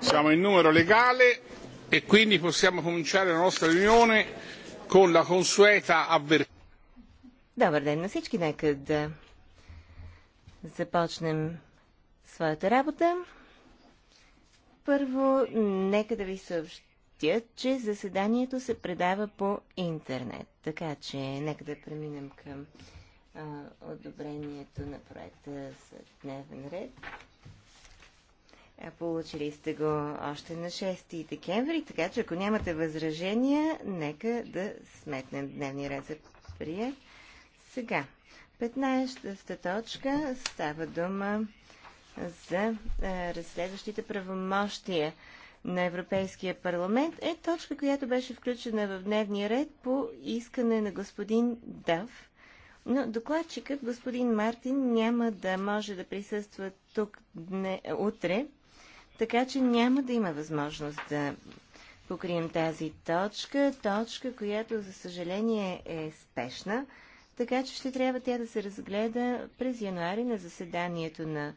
Siamo in numero legale e quindi possiamo cominciare la nostra riunione con la consueta avvertenza. Добър ден на всички. Нека да започнем своята работа. Първо, нека да ви съобщя, че заседанието се предава по интернет. Така че, нека да преминем към а, одобрението на проекта за дневен ред. Е, получили сте го още на 6 декември, така че ако нямате възражения, нека да сметнем дневния ред за прие. Сега, 15-та точка става дума за е, разследващите правомощия на Европейския парламент е точка, която беше включена в дневния ред по искане на господин Дав. Но докладчикът господин Мартин няма да може да присъства тук дне, утре, така че няма да има възможност да покрием тази точка, точка, която за съжаление е спешна, така че ще трябва тя да се разгледа през януари на заседанието на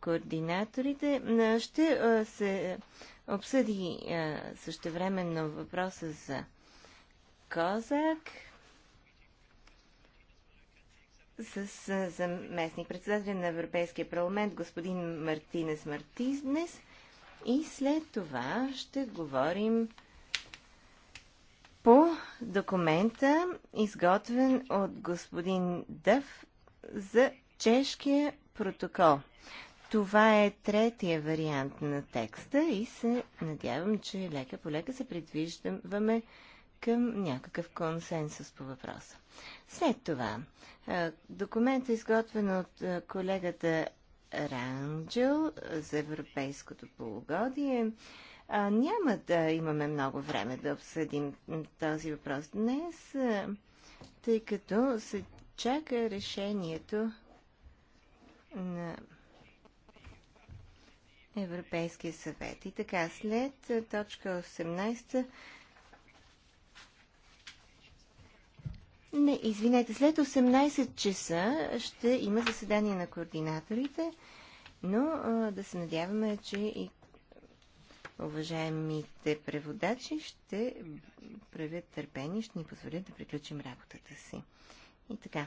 координаторите. Ще се обсъди същевременно въпроса за Козак с заместник председателя на Европейския парламент господин Мартинес Мартинес и след това ще говорим по документа, изготвен от господин Дъв за чешкия протокол. Това е третия вариант на текста и се надявам, че лека по лека се предвиждаме към някакъв консенсус по въпроса. След това, документът е изготвен от колегата Ранджел за европейското полугодие. А, няма да имаме много време да обсъдим този въпрос днес, тъй като се чака решението на Европейския съвет. И така, след точка 18 Не, извинете, след 18 часа ще има заседание на координаторите, но а, да се надяваме, че и уважаемите преводачи ще правят търпение, ще ни позволят да приключим работата си. И така,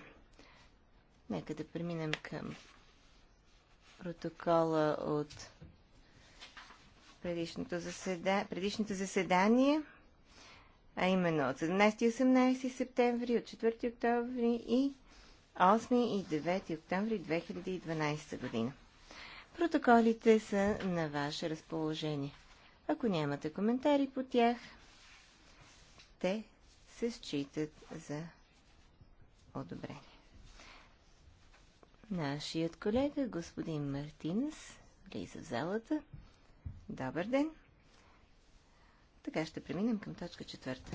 нека да преминем към протокола от предишното предишното заседание а именно от 17 и 18 септември, от 4 октомври и 8 и 9 октомври 2012 година. Протоколите са на ваше разположение. Ако нямате коментари по тях, те се считат за одобрение. Нашият колега, господин Мартинес, влиза в залата. Добър ден! Така ще преминем към точка четвърта.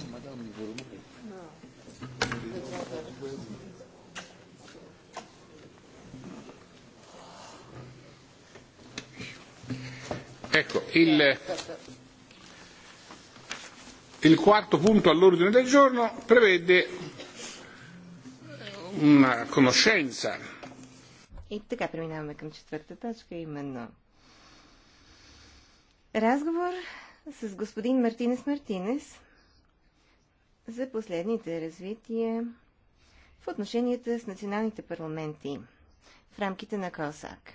Ecco, il, il quarto punto all'ordine del giorno prevede una conoscenza. И така преминаваме към четвърта точка, именно разговор с господин Мартинес Мартинес за последните развития в отношенията с националните парламенти в рамките на КОСАК.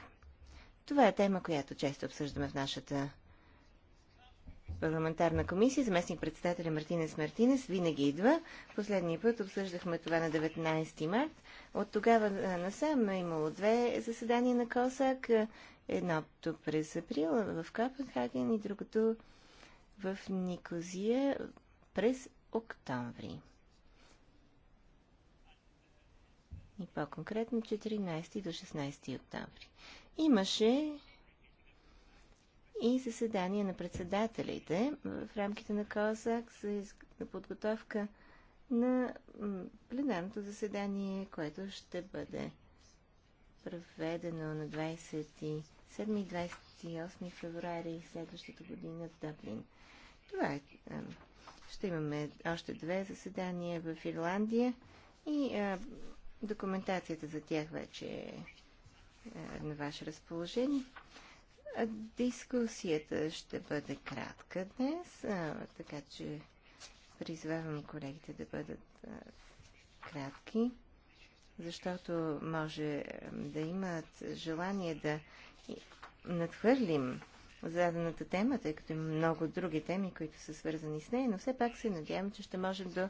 Това е тема, която често обсъждаме в нашата парламентарна комисия. Заместник председателя Мартинес Мартинес винаги идва. Последния път обсъждахме това на 19 март. От тогава насам е имало две заседания на КОСАК. Едното през април в Копенхаген и другото в Никозия през октомври. И по-конкретно 14 до 16 октомври. Имаше и заседание на председателите в рамките на Козак за подготовка на пленарното заседание, което ще бъде проведено на 27 и 28 февруари следващата година в Дъблин. Това е. Ще имаме още две заседания в Ирландия и а, документацията за тях вече е а, на ваше разположение. А, дискусията ще бъде кратка днес, а, така че призвавам колегите да бъдат а, кратки, защото може да имат желание да надхвърлим зададената тема, тъй като има много други теми, които са свързани с нея, но все пак се надявам, че ще можем до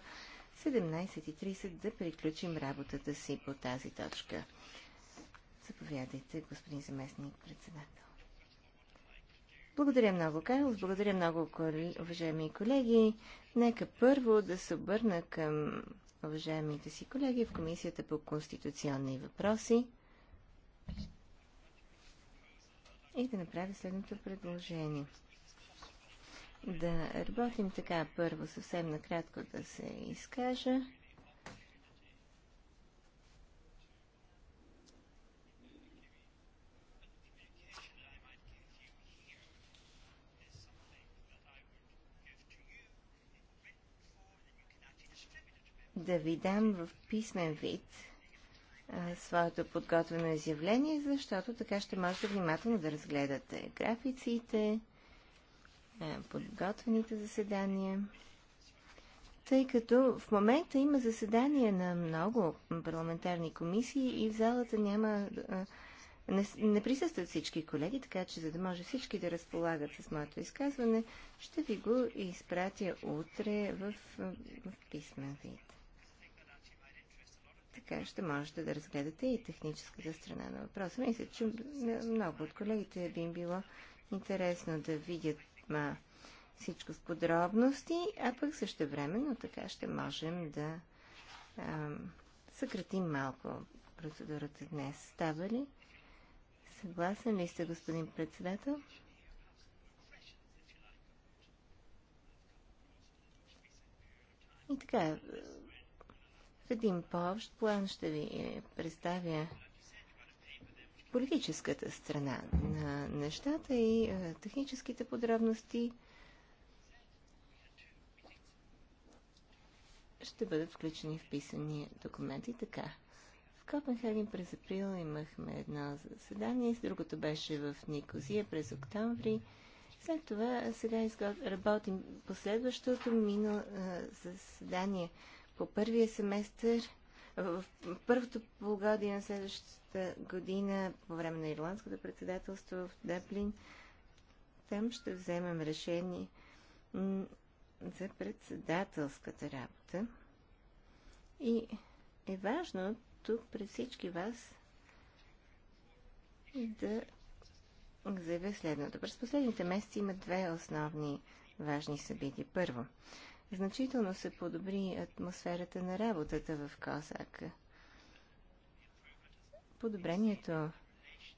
17.30 да приключим работата си по тази точка. Заповядайте, господин заместник председател. Благодаря много, Карлос. Благодаря много, уважаеми колеги. Нека първо да се обърна към уважаемите си колеги в Комисията по конституционни въпроси. и да направя следното предложение. Да работим така първо, съвсем накратко да се изкажа. да ви дам в писмен вид своето подготвено изявление, защото така ще можете внимателно да разгледате графиците, подготвените заседания. Тъй като в момента има заседания на много парламентарни комисии и в залата няма. Не, не присъстват всички колеги, така че за да може всички да разполагат с моето изказване, ще ви го изпратя утре в, в писмен вид. Така ще можете да разгледате и техническата страна на въпроса. Мисля, че много от колегите би им било интересно да видят ма, всичко в подробности, а пък също времено така ще можем да ам, съкратим малко процедурата днес. Става ли? Съгласен ли сте, господин председател? И така, в един по-общ план ще ви представя политическата страна на нещата и е, техническите подробности ще бъдат включени в писания документ и така. В Копенхаген през април имахме едно заседание, с другото беше в Никозия през октомври. След това сега работим последващото минало е, заседание по първия семестър, в първото полугодие на следващата година, по време на ирландското председателство в Деплин, там ще вземем решение за председателската работа. И е важно тук пред всички вас да заявя следното. През последните месеци има две основни важни събития. Първо, значително се подобри атмосферата на работата в Козак. Подобрението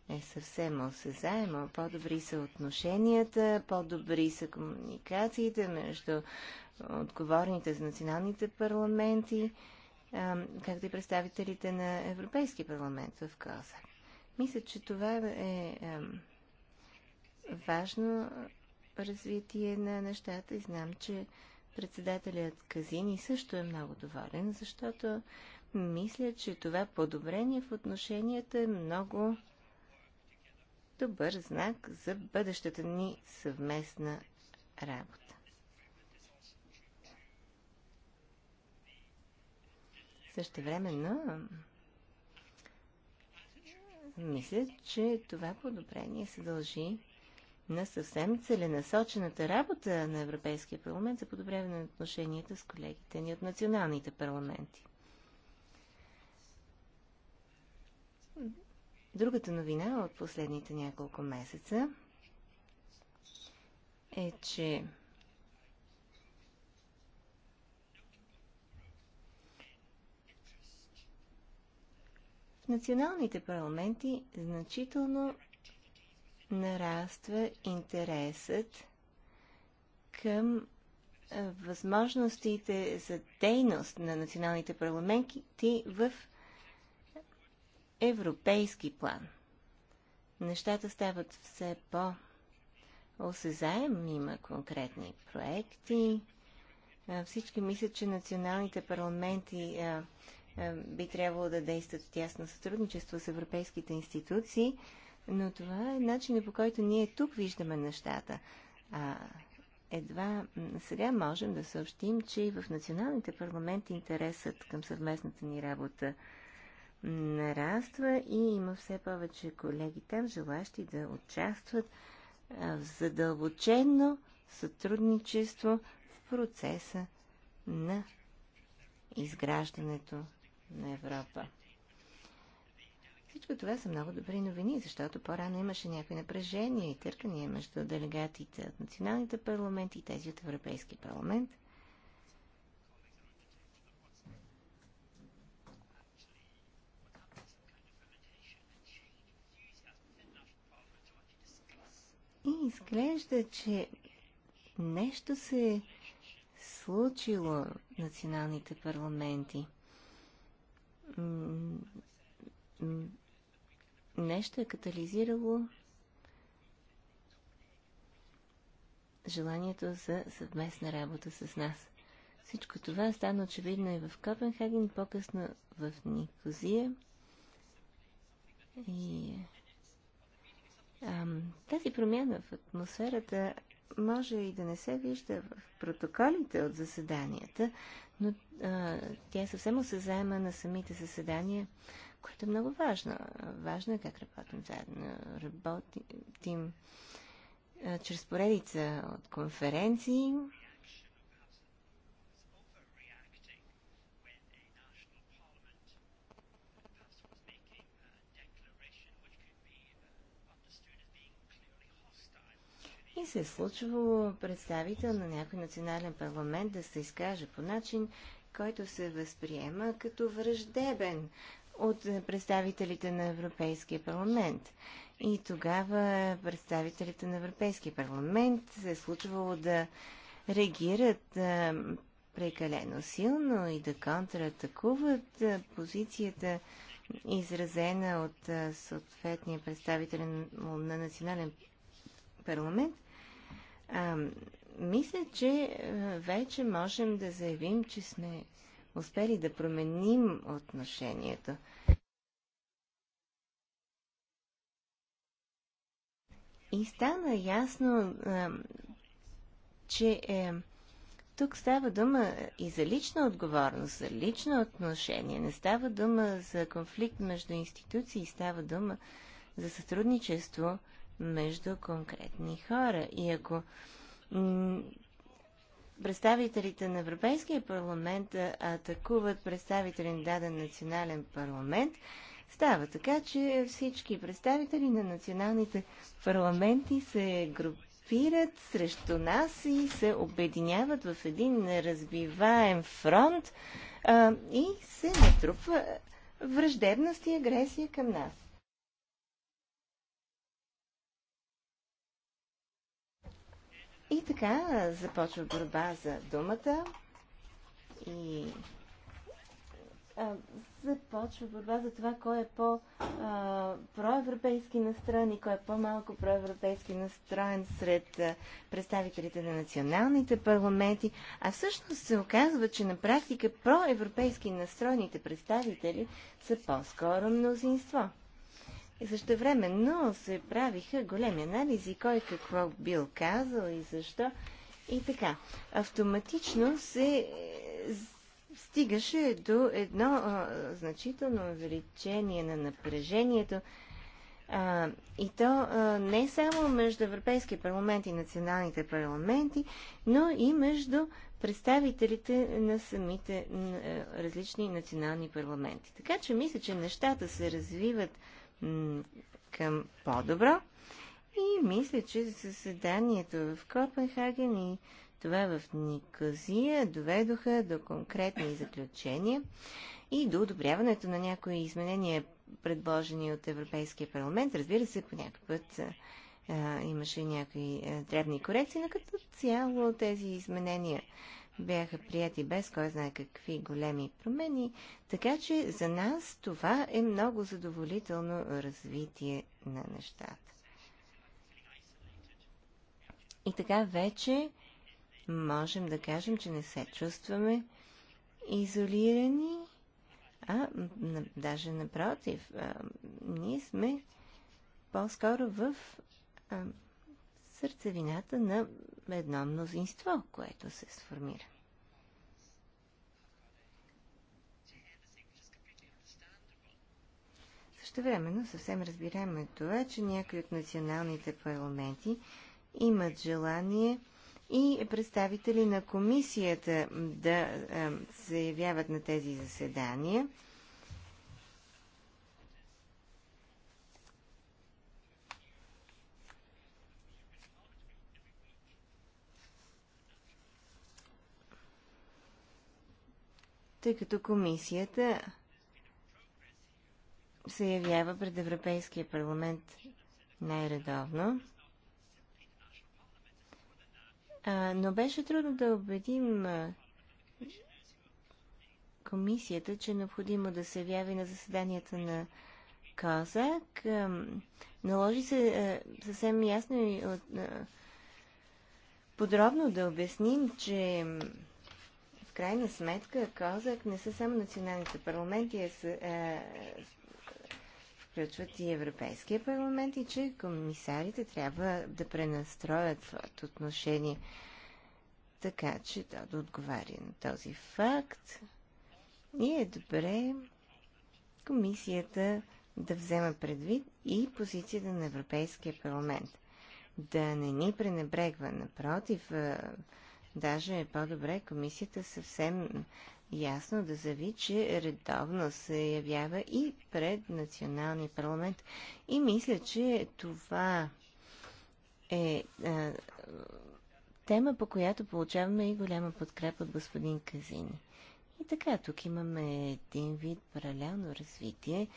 е съвсем осезаемо. По-добри са отношенията, по-добри са комуникациите между отговорните за националните парламенти, както и представителите на Европейски парламент в Козак. Мисля, че това е важно развитие на нещата и знам, че Председателят Казини също е много доволен, защото мисля, че това подобрение в отношенията е много добър знак за бъдещата ни съвместна работа. Също времено, мисля, че това подобрение се дължи на съвсем целенасочената работа на Европейския парламент за подобряване на отношенията с колегите ни от националните парламенти. Другата новина от последните няколко месеца е, че в националните парламенти значително нараства интересът към възможностите за дейност на националните парламенти в европейски план. Нещата стават все по- осезаеми, има конкретни проекти. Всички мислят, че националните парламенти би трябвало да действат в тясно сътрудничество с европейските институции, но това е начинът по който ние тук виждаме нещата. А, едва сега можем да съобщим, че и в националните парламенти интересът към съвместната ни работа нараства и има все повече колеги там, желащи да участват в задълбочено сътрудничество в процеса на изграждането на Европа. Всичко това са много добри новини, защото по-рано имаше някои напрежения и търкания между делегатите от националните парламенти и тези от Европейски парламент. И изглежда, че нещо се е случило националните парламенти нещо е катализирало желанието за съвместна работа с нас. Всичко това стана очевидно и в Копенхаген, по-късно в Никозия. И ам, тази промяна в атмосферата може и да не се вижда в протоколите от заседанията, но а, тя е съвсем осъзаема на самите заседания което е много важно. Важно е как работим заедно. Работим чрез поредица от конференции, И се е случвало представител на някой национален парламент да се изкаже по начин, който се възприема като враждебен от представителите на Европейския парламент. И тогава представителите на Европейския парламент се е случвало да реагират а, прекалено силно и да контратакуват а, позицията, изразена от а, съответния представител на национален парламент. А, мисля, че вече можем да заявим, че сме успели да променим отношението. И стана ясно, че е, тук става дума и за лична отговорност, за лично отношение. Не става дума за конфликт между институции, става дума за сътрудничество между конкретни хора. И ако представителите на Европейския парламент атакуват представители на даден национален парламент, става така, че всички представители на националните парламенти се групират срещу нас и се обединяват в един неразбиваем фронт а, и се натрупва враждебност и агресия към нас. И така започва борба за думата и а, започва борба за това кой е по-проевропейски настроен и кой е по-малко проевропейски настроен сред а, представителите на националните парламенти. А всъщност се оказва, че на практика проевропейски настроените представители са по-скоро мнозинство. И също времено се правиха големи анализи, кой какво бил казал и защо. И така, автоматично се е, стигаше до едно а, значително увеличение на напрежението. А, и то а, не само между Европейския парламент и националните парламенти, но и между представителите на самите а, е, различни национални парламенти. Така че мисля, че нещата се развиват към по-добро. И мисля, че заседанието в Копенхаген и това в Никозия доведоха до конкретни заключения и до одобряването на някои изменения, предложени от Европейския парламент. Разбира се, по някакъв път а, имаше някои а, древни корекции, но като цяло тези изменения бяха прияти без кой знае какви големи промени, така че за нас това е много задоволително развитие на нещата. И така вече можем да кажем, че не се чувстваме изолирани, а даже напротив, а, ние сме по-скоро в а, сърцевината на едно мнозинство, което се сформира. Също времено съвсем разбираме това, че някои от националните парламенти имат желание и представители на комисията да се явяват на тези заседания – тъй като комисията се явява пред Европейския парламент най-редовно. но беше трудно да убедим комисията, че е необходимо да се яви на заседанията на Казак. Наложи се съвсем ясно и подробно да обясним, че крайна сметка казах, не са само националните парламенти, а са, е, включват и Европейския парламент и че комисарите трябва да пренастроят своето отношение така, че да, да отговаря на този факт. И е добре комисията да взема предвид и позицията на Европейския парламент. Да не ни пренебрегва, напротив, е, Даже е по-добре комисията съвсем ясно да заяви, че редовно се явява и пред националния парламент. И мисля, че това е а, тема, по която получаваме и голяма подкрепа от господин Казини. И така, тук имаме един вид паралелно развитие,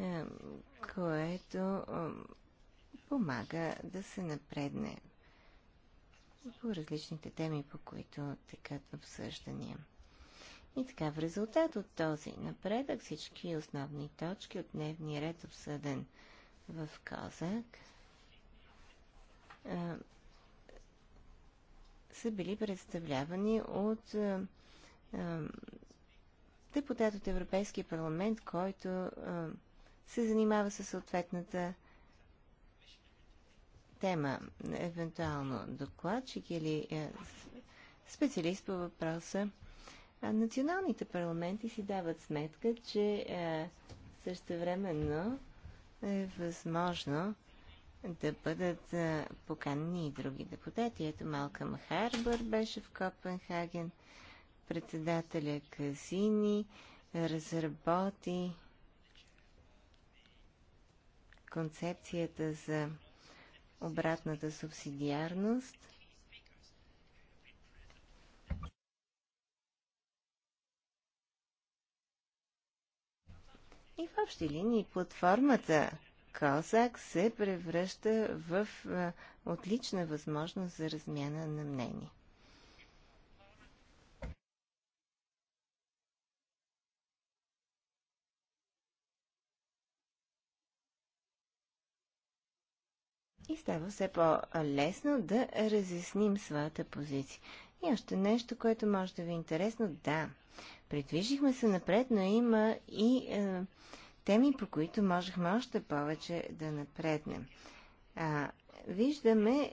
а, което а, помага да се напредне по различните теми, по които текат обсъждания. И така, в резултат от този напредък всички основни точки от дневния ред, обсъден в Козак, са били представлявани от депутат от Европейския парламент, който се занимава със съответната тема. Евентуално докладчик или е, специалист по въпроса. националните парламенти си дават сметка, че също е, същевременно е възможно да бъдат е, поканени и други депутати. Ето Малкам Харбър беше в Копенхаген, председателя Казини разработи концепцията за обратната субсидиарност. И в общи линии платформата COSAC се превръща в отлична възможност за размяна на мнение. и става все по-лесно да разясним своята позиция. И още нещо, което може да ви е интересно. Да, придвижихме се напред, но има и е, теми, по които можехме още повече да напреднем. А, виждаме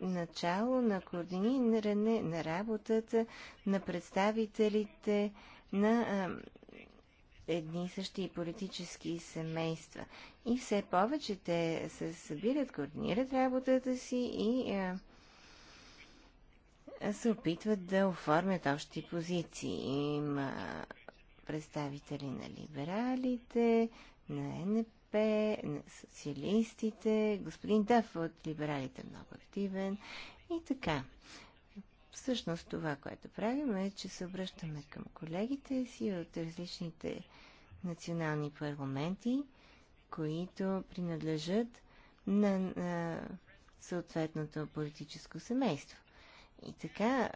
начало на координиране на работата на представителите на е, едни и същи политически семейства. И все повече те се събират, координират работата си и е, се опитват да оформят общи позиции. Има представители на либералите, на НП, на социалистите, господин Дъф от либералите е много активен и така. Всъщност това, което правим е, че се обръщаме към колегите си от различните национални парламенти, които принадлежат на, на съответното политическо семейство. И така,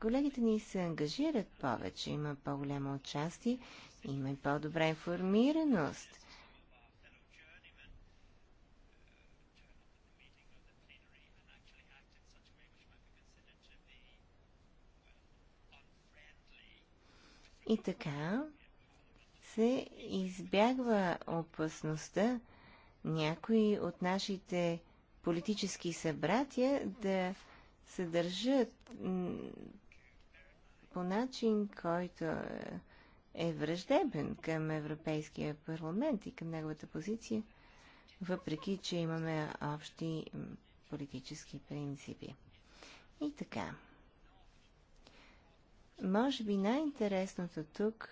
колегите ни се ангажират повече, има по-голямо участие, има и по-добра информираност И така се избягва опасността някои от нашите политически събратия да се държат по начин, който е враждебен към Европейския парламент и към неговата позиция, въпреки че имаме общи политически принципи. И така. Може би най-интересното тук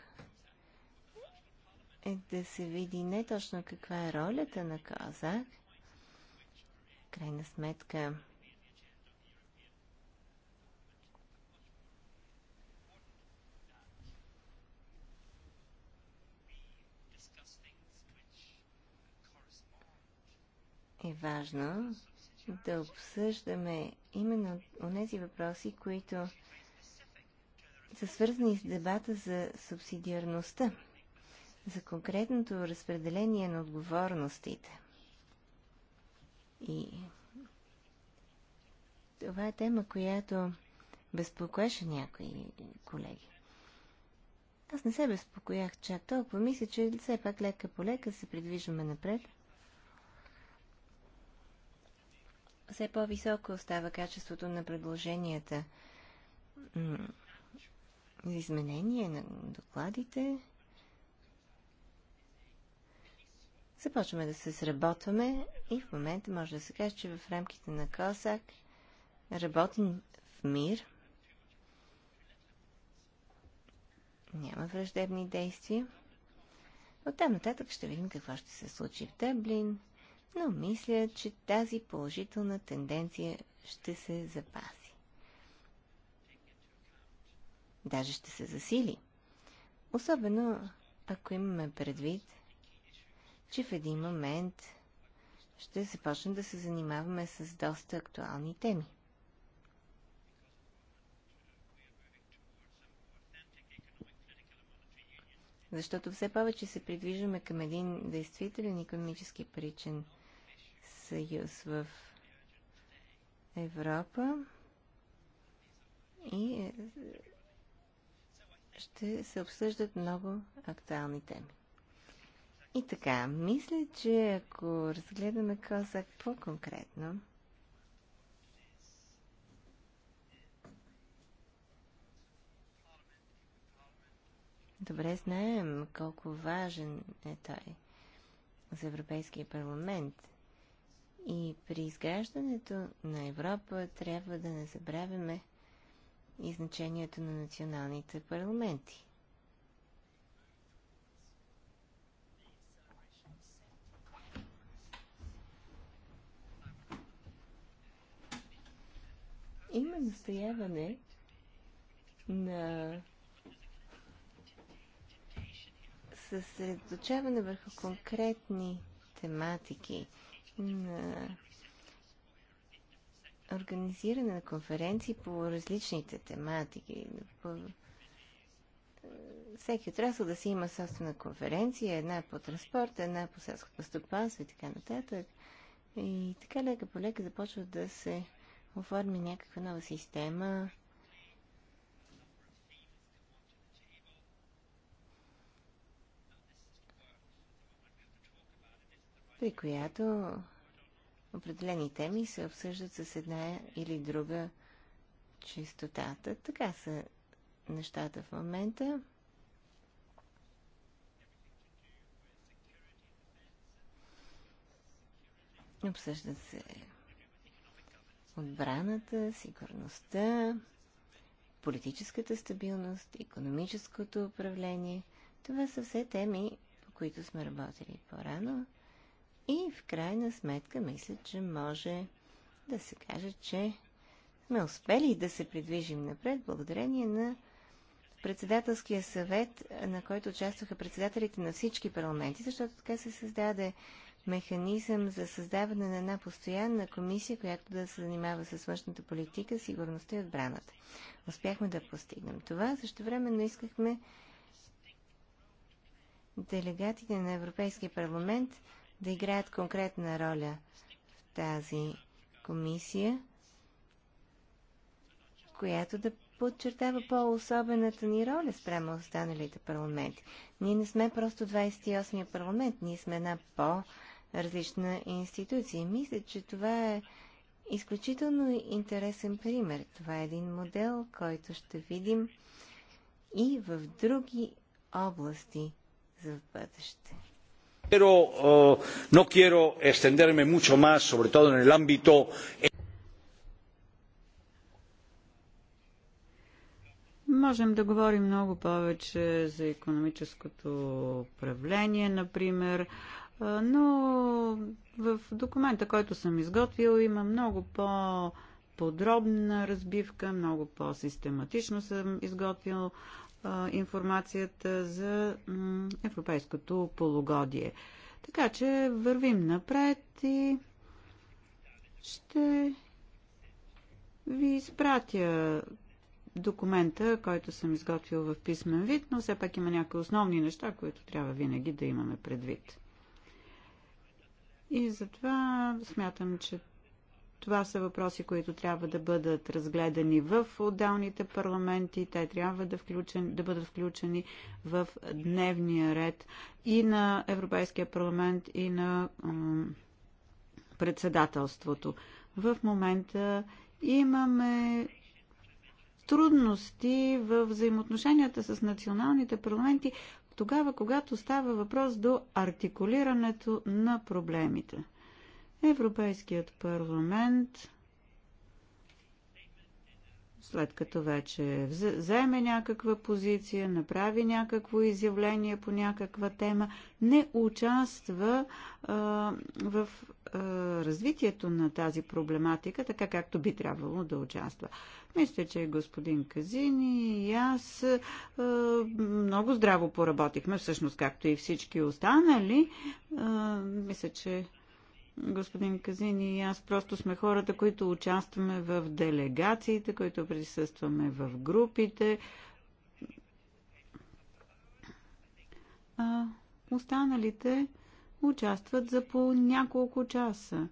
е да се види не точно каква е ролята на Козак, крайна сметка е важно да обсъждаме именно тези въпроси, които са свързани с дебата за субсидиарността, за конкретното разпределение на отговорностите. И това е тема, която безпокоеше някои колеги. Аз не се безпокоях чак толкова. Мисля, че все пак лека по лека се придвижваме напред. Все по-високо остава качеството на предложенията изменение на докладите. Започваме да се сработваме и в момента може да се каже, че в рамките на КОСАК работим в мир. Няма враждебни действия. Оттам нататък ще видим какво ще се случи в Дъблин, но мисля, че тази положителна тенденция ще се запази даже ще се засили. Особено ако имаме предвид, че в един момент ще започнем да се занимаваме с доста актуални теми. Защото все повече се придвижваме към един действителен економически паричен съюз в Европа и ще се обсъждат много актуални теми. И така, мисля, че ако разгледаме Козак по-конкретно, Добре знаем колко важен е той за Европейския парламент. И при изграждането на Европа трябва да не забравяме, и значението на националните парламенти. Има настояване на съсредоточаване върху конкретни тематики на организиране на конференции по различните тематики. По... Всеки отрасъл да си има собствена конференция, една по транспорт, една по селското стопанство и така нататък. И така лека по лека започва да се оформи някаква нова система. при която определени теми се обсъждат с една или друга чистотата. Така са нещата в момента. Обсъждат се отбраната, сигурността, политическата стабилност, економическото управление. Това са все теми, по които сме работили по-рано. И в крайна сметка мисля, че може да се каже, че сме успели да се придвижим напред благодарение на председателския съвет, на който участваха председателите на всички парламенти, защото така се създаде механизъм за създаване на една постоянна комисия, която да се занимава с външната политика, сигурността и отбраната. Успяхме да постигнем това. Също времено искахме делегатите на Европейския парламент да играят конкретна роля в тази комисия, която да подчертава по-особената ни роля спрямо останалите парламенти. Ние не сме просто 28-я парламент, ние сме една по-различна институция. И мисля, че това е изключително интересен пример. Това е един модел, който ще видим и в други области за бъдеще. Eh, no quiero extenderme mucho más, sobre todo en el ámbito. Можем да говорим много повече за економическото управление, например, но в документа, който съм изготвил, има много по- подробна разбивка, много по-систематично съм изготвил информацията за европейското полугодие. Така че вървим напред и ще ви изпратя документа, който съм изготвил в писмен вид, но все пак има някои основни неща, които трябва винаги да имаме предвид. И затова смятам, че това са въпроси, които трябва да бъдат разгледани в отделните парламенти. Те трябва да, включен, да бъдат включени в дневния ред и на Европейския парламент, и на председателството. В момента имаме трудности в взаимоотношенията с националните парламенти, тогава, когато става въпрос до артикулирането на проблемите. Европейският парламент след като вече вземе някаква позиция, направи някакво изявление по някаква тема, не участва а, в а, развитието на тази проблематика, така както би трябвало да участва. Мисля, че господин Казини и аз а, много здраво поработихме, всъщност както и всички останали. А, мисля, че господин Казин и аз просто сме хората, които участваме в делегациите, които присъстваме в групите. А останалите участват за по няколко часа.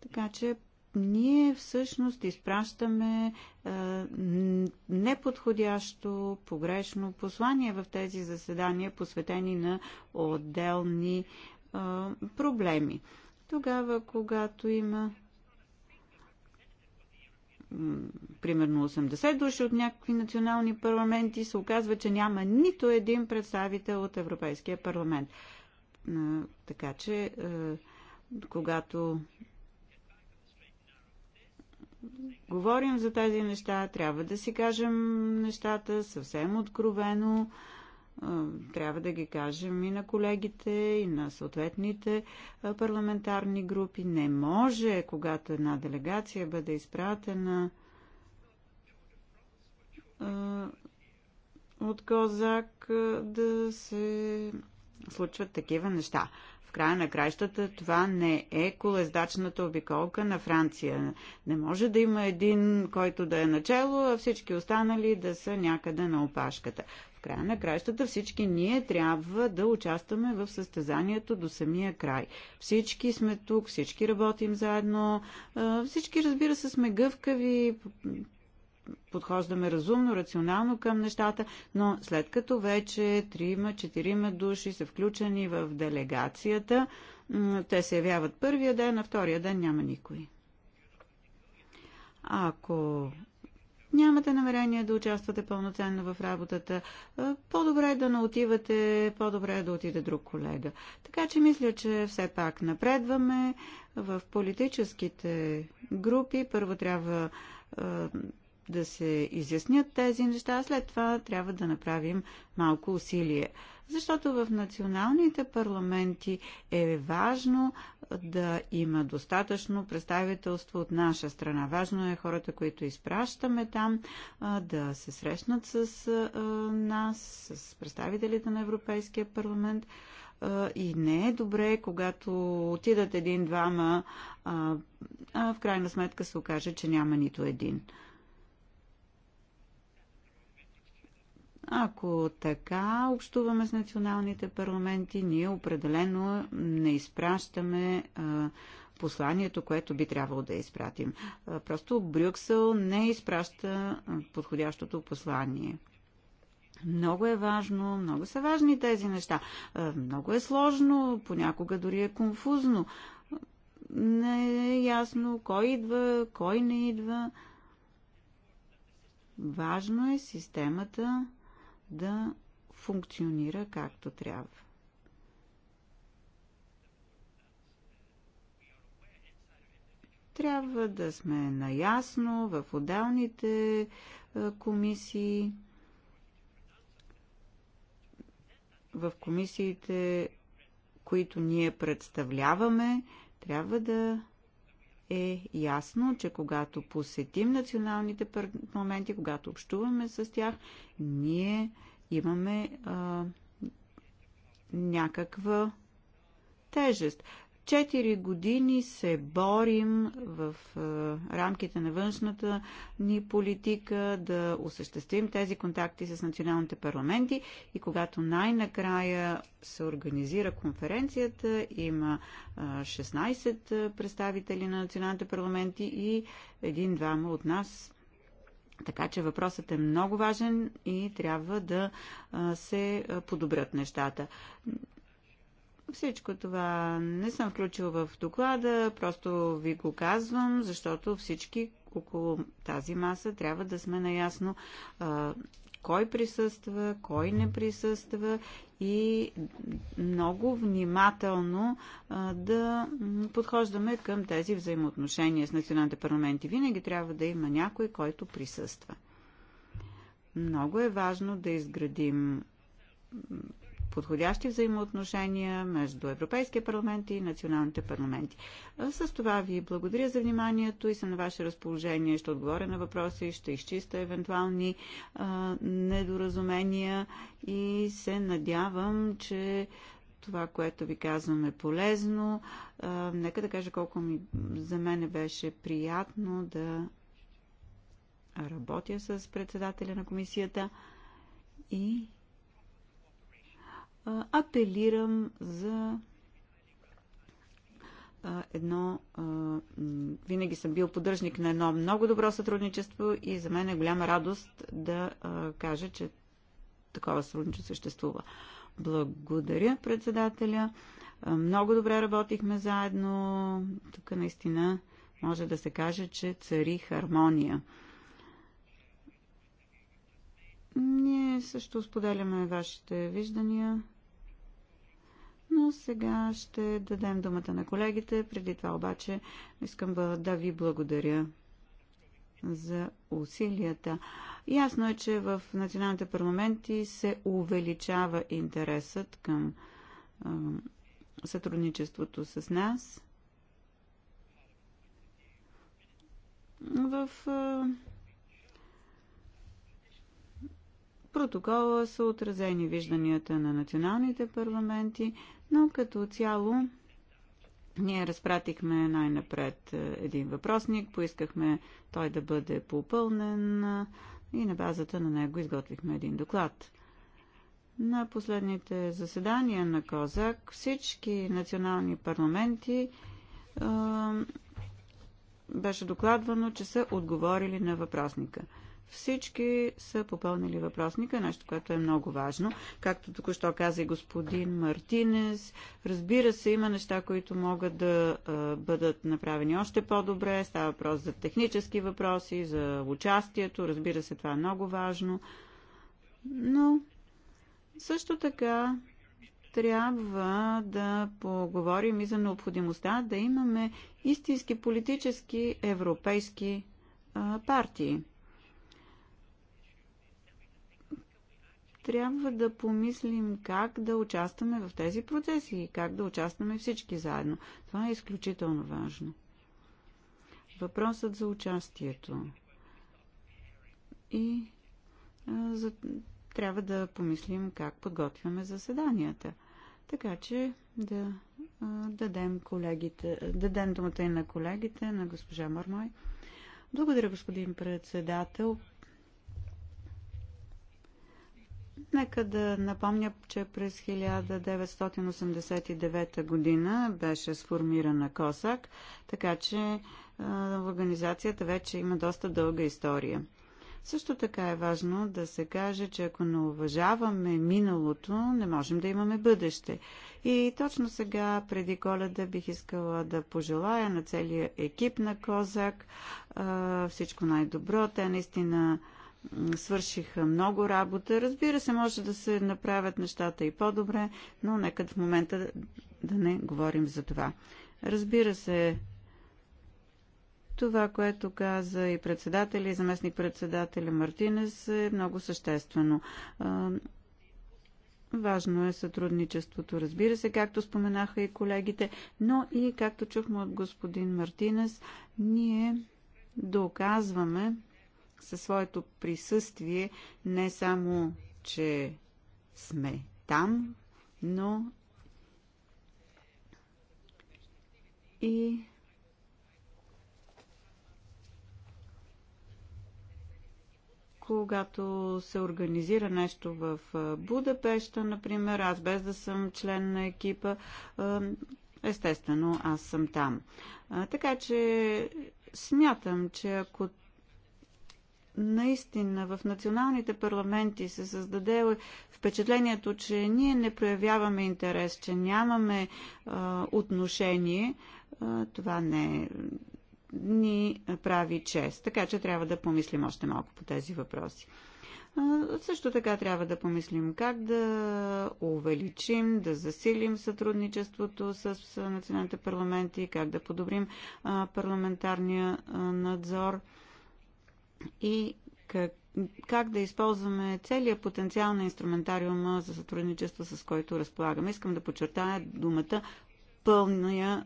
Така че ние всъщност изпращаме неподходящо, погрешно послание в тези заседания, посветени на отделни а, проблеми. Тогава, когато има примерно 80 души от някакви национални парламенти, се оказва, че няма нито един представител от Европейския парламент. Така че, когато говорим за тези неща, трябва да си кажем нещата съвсем откровено, трябва да ги кажем и на колегите, и на съответните парламентарни групи. Не може, когато една делегация бъде изпратена от Козак, да се случват такива неща. В края на краищата това не е колездачната обиколка на Франция. Не може да има един, който да е начало, а всички останали да са някъде на опашката. В края на краищата всички ние трябва да участваме в състезанието до самия край. Всички сме тук, всички работим заедно, всички разбира се сме гъвкави, подхождаме разумно, рационално към нещата, но след като вече трима, четирима души са включени в делегацията, те се явяват първия ден, а втория ден няма никой. Ако нямате намерение да участвате пълноценно в работата, по-добре е да не отивате, по-добре е да отиде друг колега. Така че мисля, че все пак напредваме в политическите групи. Първо трябва да се изяснят тези неща, а след това трябва да направим малко усилие. Защото в националните парламенти е важно да има достатъчно представителство от наша страна. Важно е хората, които изпращаме там, да се срещнат с нас, с представителите на Европейския парламент и не е добре, когато отидат един-двама, а в крайна сметка се окаже, че няма нито един. Ако така общуваме с националните парламенти, ние определено не изпращаме посланието, което би трябвало да изпратим. просто Брюксел не изпраща подходящото послание. Много е важно, много са важни тези неща. много е сложно, понякога дори е конфузно. Не е ясно кой идва, кой не идва. Важно е системата да функционира както трябва. Трябва да сме наясно в отделните е, комисии, в комисиите, които ние представляваме, трябва да е ясно, че когато посетим националните парламенти, когато общуваме с тях, ние имаме а, някаква тежест. Четири години се борим в рамките на външната ни политика да осъществим тези контакти с националните парламенти и когато най-накрая се организира конференцията, има 16 представители на националните парламенти и един-двама от нас така че въпросът е много важен и трябва да се подобрят нещата. Всичко това не съм включил в доклада, просто ви го казвам, защото всички около тази маса трябва да сме наясно а, кой присъства, кой не присъства и много внимателно а, да подхождаме към тези взаимоотношения с националните парламенти. Винаги трябва да има някой, който присъства. Много е важно да изградим подходящи взаимоотношения между Европейския парламент и националните парламенти. С това ви благодаря за вниманието и съм на ваше разположение. Ще отговоря на въпроси, ще изчиста евентуални а, недоразумения и се надявам, че това, което ви казвам е полезно. А, нека да кажа колко ми, за мен беше приятно да работя с председателя на комисията и апелирам за едно... Винаги съм бил поддръжник на едно много добро сътрудничество и за мен е голяма радост да кажа, че такова сътрудничество съществува. Благодаря председателя. Много добре работихме заедно. Тук наистина може да се каже, че цари хармония. Ние също споделяме вашите виждания. Но сега ще дадем думата на колегите. Преди това обаче искам да ви благодаря за усилията. Ясно е, че в националните парламенти се увеличава интересът към е, сътрудничеството с нас. В е, протокола са отразени вижданията на националните парламенти, но като цяло ние разпратихме най-напред е, един въпросник, поискахме той да бъде попълнен е, и на базата на него изготвихме един доклад. На последните заседания на Козак всички национални парламенти е, беше докладвано, че са отговорили на въпросника. Всички са попълнили въпросника, нещо, което е много важно. Както току-що каза и господин Мартинес, разбира се, има неща, които могат да бъдат направени още по-добре. Става въпрос за технически въпроси, за участието. Разбира се, това е много важно. Но също така трябва да поговорим и за необходимостта да имаме истински политически европейски а, партии. трябва да помислим как да участваме в тези процеси и как да участваме всички заедно. Това е изключително важно. Въпросът за участието. И а, за, трябва да помислим как подготвяме заседанията. Така че да а, дадем, колегите, дадем думата и на колегите, на госпожа Мармой. Благодаря, господин председател. Нека да напомня, че през 1989 година беше сформирана КОСАК, така че организацията вече има доста дълга история. Също така е важно да се каже, че ако не уважаваме миналото, не можем да имаме бъдеще. И точно сега, преди коледа, бих искала да пожелая на целия екип на Козак всичко най-добро. Те наистина свършиха много работа. Разбира се, може да се направят нещата и по-добре, но нека в момента да не говорим за това. Разбира се, това, което каза и председател, и заместник-председателя Мартинес е много съществено. Важно е сътрудничеството, разбира се, както споменаха и колегите, но и както чухме от господин Мартинес, ние доказваме, със своето присъствие не само, че сме там, но и когато се организира нещо в Будапешта, например, аз без да съм член на екипа, естествено аз съм там. Така че смятам, че ако наистина в националните парламенти се създаде впечатлението, че ние не проявяваме интерес, че нямаме а, отношение, а, това не ни прави чест. Така че трябва да помислим още малко по тези въпроси. Също така трябва да помислим как да увеличим, да засилим сътрудничеството с националните парламенти, как да подобрим парламентарния надзор – и как, как да използваме целият потенциал на инструментариума за сътрудничество, с който разполагаме. Искам да подчертая думата пълния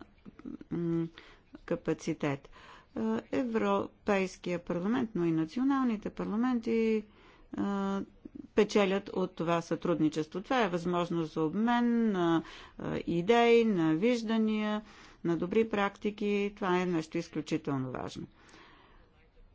капацитет. Е, Европейския парламент, но и националните парламенти е, печелят от това сътрудничество. Това е възможност за обмен на е, идеи, на виждания, на добри практики. Това е нещо изключително важно.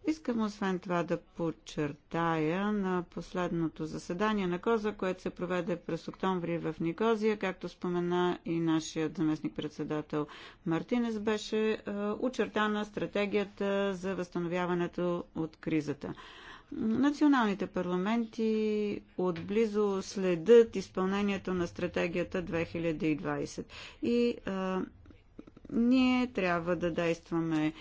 Искам освен това да подчертая на последното заседание на Коза, което се проведе през октомври в Никозия, както спомена и нашият заместник-председател Мартинес, беше е, очертана стратегията за възстановяването от кризата. Националните парламенти отблизо следят изпълнението на стратегията 2020 и а, е, ние трябва да действаме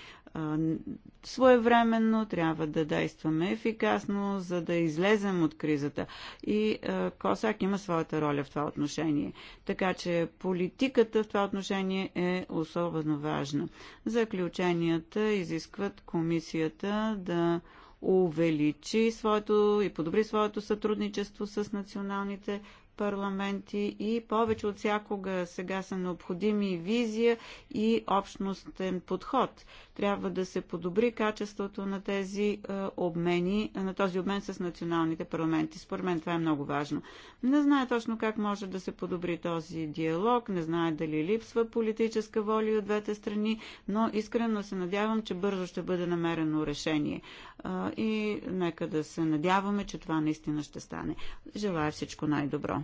своевременно, трябва да действаме ефикасно, за да излезем от кризата. И Косак има своята роля в това отношение. Така че политиката в това отношение е особено важна. Заключенията изискват комисията да увеличи своето и подобри своето сътрудничество с националните парламенти и повече от всякога сега са необходими визия и общностен подход. Трябва да се подобри качеството на тези е, обмени, е, на този обмен с националните парламенти. Според мен това е много важно. Не знае точно как може да се подобри този диалог, не знае дали липсва политическа воля от двете страни, но искрено се надявам, че бързо ще бъде намерено решение. Е, и нека да се надяваме, че това наистина ще стане. Желая всичко най-добро.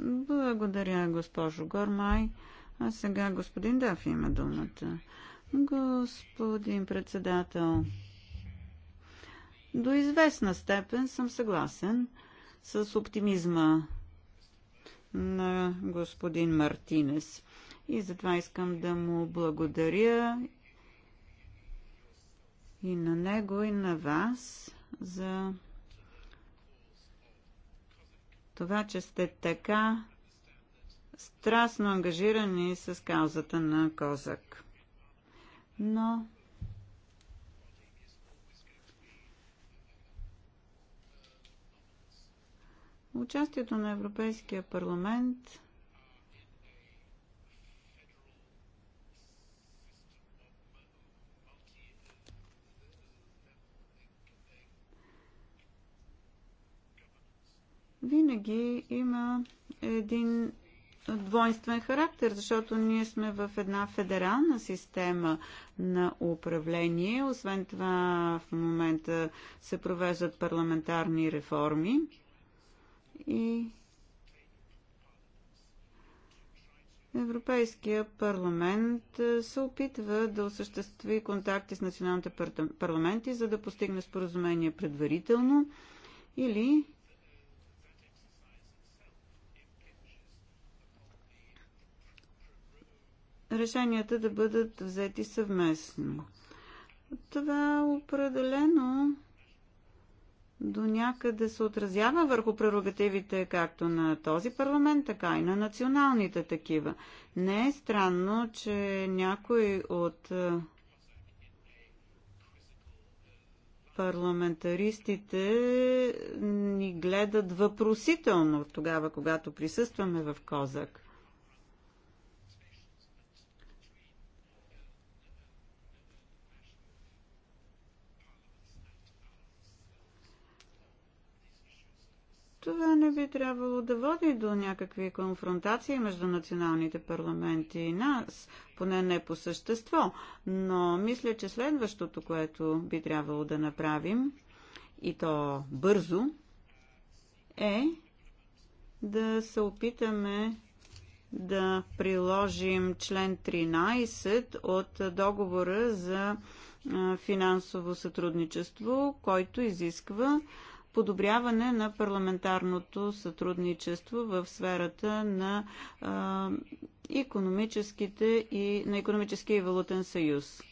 Благодаря, госпожо Гормай. А сега господин Дафи има думата. Господин председател, до известна степен съм съгласен с оптимизма на господин Мартинес. И затова искам да му благодаря и на него, и на вас за това, че сте така страстно ангажирани с каузата на Козак но участието на Европейския парламент винаги има един двойствен характер, защото ние сме в една федерална система на управление. Освен това, в момента се провеждат парламентарни реформи и Европейския парламент се опитва да осъществи контакти с националните парламенти, за да постигне споразумение предварително или решенията да бъдат взети съвместно. Това определено до някъде се отразява върху прерогативите както на този парламент, така и на националните такива. Не е странно, че някой от е, парламентаристите ни гледат въпросително тогава, когато присъстваме в Козак. Това не би трябвало да води до някакви конфронтации между националните парламенти и нас, поне не по същество, но мисля, че следващото, което би трябвало да направим, и то бързо, е да се опитаме да приложим член 13 от договора за финансово сътрудничество, който изисква подобряване на парламентарното сътрудничество в сферата на економическите и на економическия и валутен съюз.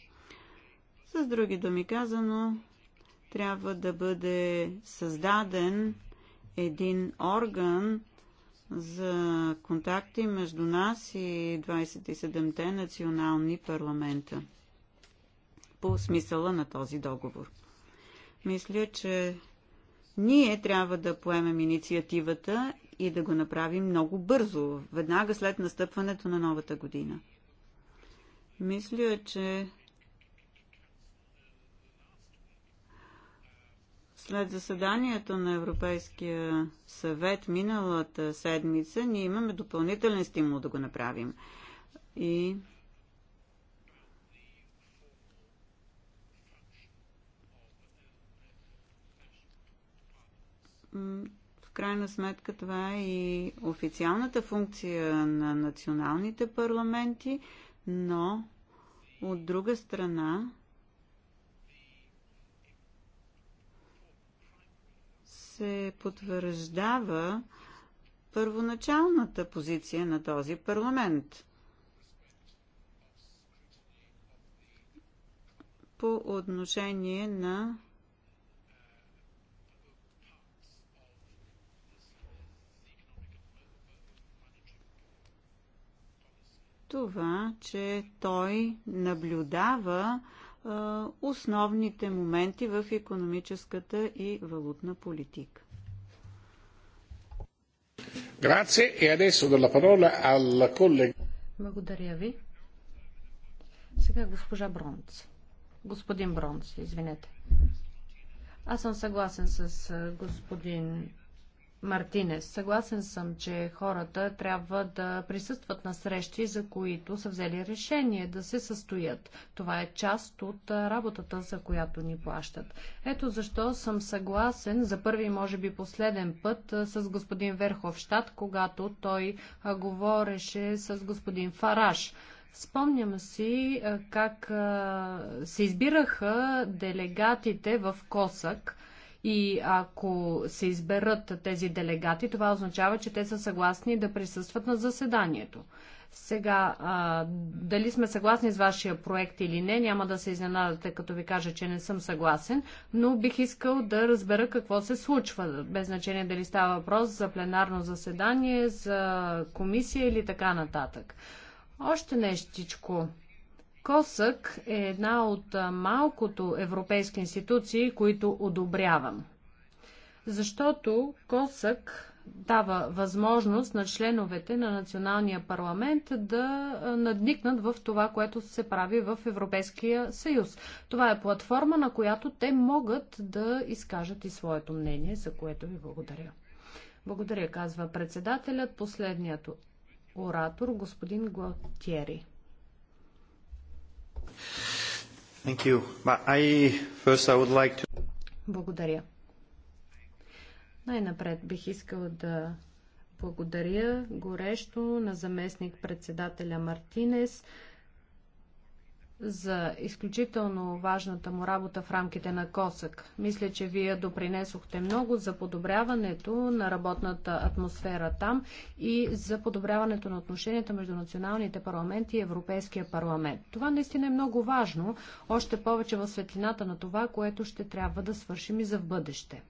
С други думи казано, трябва да бъде създаден един орган за контакти между нас и 27-те национални парламента по смисъла на този договор. Мисля, че ние трябва да поемем инициативата и да го направим много бързо, веднага след настъпването на новата година. Мисля, че След заседанието на Европейския съвет миналата седмица, ние имаме допълнителен стимул да го направим. И в крайна сметка това е и официалната функция на националните парламенти, но от друга страна се потвърждава първоначалната позиция на този парламент. По отношение на това, че той наблюдава а, основните моменти в економическата и валутна политика. E Благодаря ви. Сега госпожа Бронц. Господин Бронц, извинете. Аз съм съгласен с господин Мартинес. Съгласен съм, че хората трябва да присъстват на срещи, за които са взели решение да се състоят. Това е част от работата, за която ни плащат. Ето защо съм съгласен за първи, може би последен път с господин Верховщад, когато той говореше с господин Фараш. Спомням си как се избираха делегатите в Косък – и ако се изберат тези делегати, това означава, че те са съгласни да присъстват на заседанието. Сега, а, дали сме съгласни с вашия проект или не, няма да се изненадате, като ви кажа, че не съм съгласен, но бих искал да разбера какво се случва, без значение дали става въпрос за пленарно заседание, за комисия или така нататък. Още нещичко. Косък е една от малкото европейски институции, които одобрявам. Защото Косък дава възможност на членовете на националния парламент да надникнат в това, което се прави в Европейския съюз. Това е платформа, на която те могат да изкажат и своето мнение, за което ви благодаря. Благодаря, казва председателят, последният оратор, господин Глатьери. Like to... Благодаря. Най-напред бих искал да благодаря горещо на заместник председателя Мартинес, за изключително важната му работа в рамките на КОСАК. Мисля, че вие допринесохте много за подобряването на работната атмосфера там и за подобряването на отношенията между националните парламенти и Европейския парламент. Това наистина е много важно, още повече в светлината на това, което ще трябва да свършим и за в бъдеще.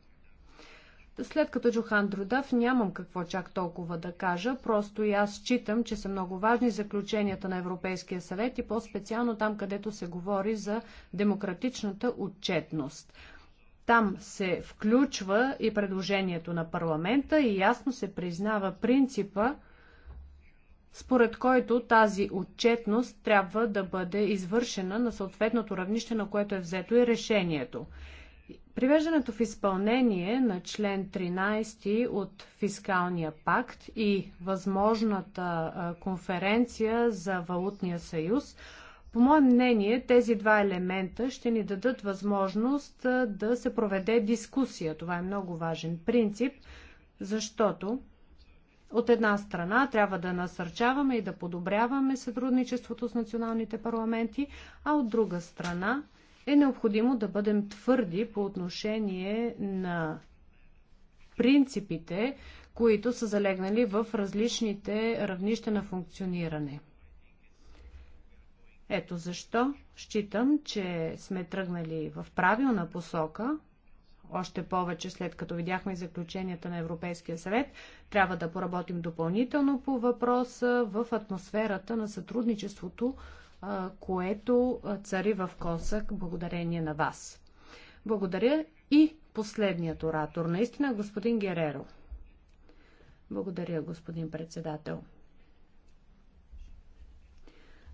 След като Джохан Друдав нямам какво чак толкова да кажа, просто и аз считам, че са много важни заключенията на Европейския съвет и по-специално там, където се говори за демократичната отчетност. Там се включва и предложението на парламента и ясно се признава принципа, според който тази отчетност трябва да бъде извършена на съответното равнище, на което е взето и решението. Привеждането в изпълнение на член 13 от фискалния пакт и възможната конференция за валутния съюз, по мое мнение, тези два елемента ще ни дадат възможност да се проведе дискусия. Това е много важен принцип, защото от една страна трябва да насърчаваме и да подобряваме сътрудничеството с националните парламенти, а от друга страна е необходимо да бъдем твърди по отношение на принципите, които са залегнали в различните равнища на функциониране. Ето защо считам, че сме тръгнали в правилна посока, още повече след като видяхме заключенията на Европейския съвет, трябва да поработим допълнително по въпроса в атмосферата на сътрудничеството което цари в Косък благодарение на вас. Благодаря и последният оратор, наистина господин Гереро. Благодаря, господин председател.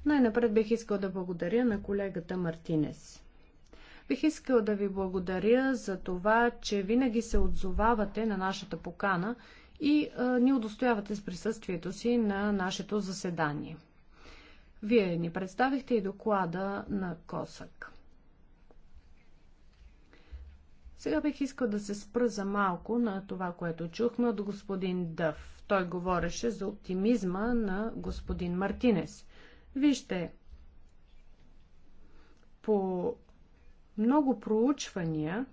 Най-напред бих искал да благодаря на колегата Мартинес. Бих искал да ви благодаря за това, че винаги се отзовавате на нашата покана и а, ни удостоявате с присъствието си на нашето заседание. Вие ни представихте и доклада на Косък. Сега бих искал да се спра за малко на това, което чухме от господин Дъв. Той говореше за оптимизма на господин Мартинес. Вижте, по много проучвания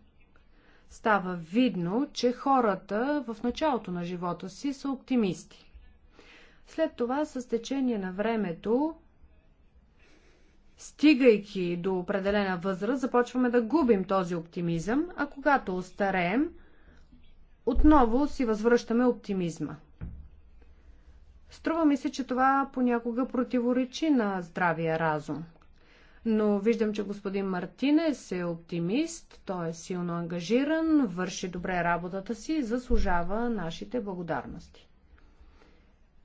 става видно, че хората в началото на живота си са оптимисти. След това, с течение на времето, стигайки до определена възраст, започваме да губим този оптимизъм, а когато остареем, отново си възвръщаме оптимизма. Струва ми се, че това понякога противоречи на здравия разум. Но виждам, че господин Мартинес е оптимист, той е силно ангажиран, върши добре работата си и заслужава нашите благодарности.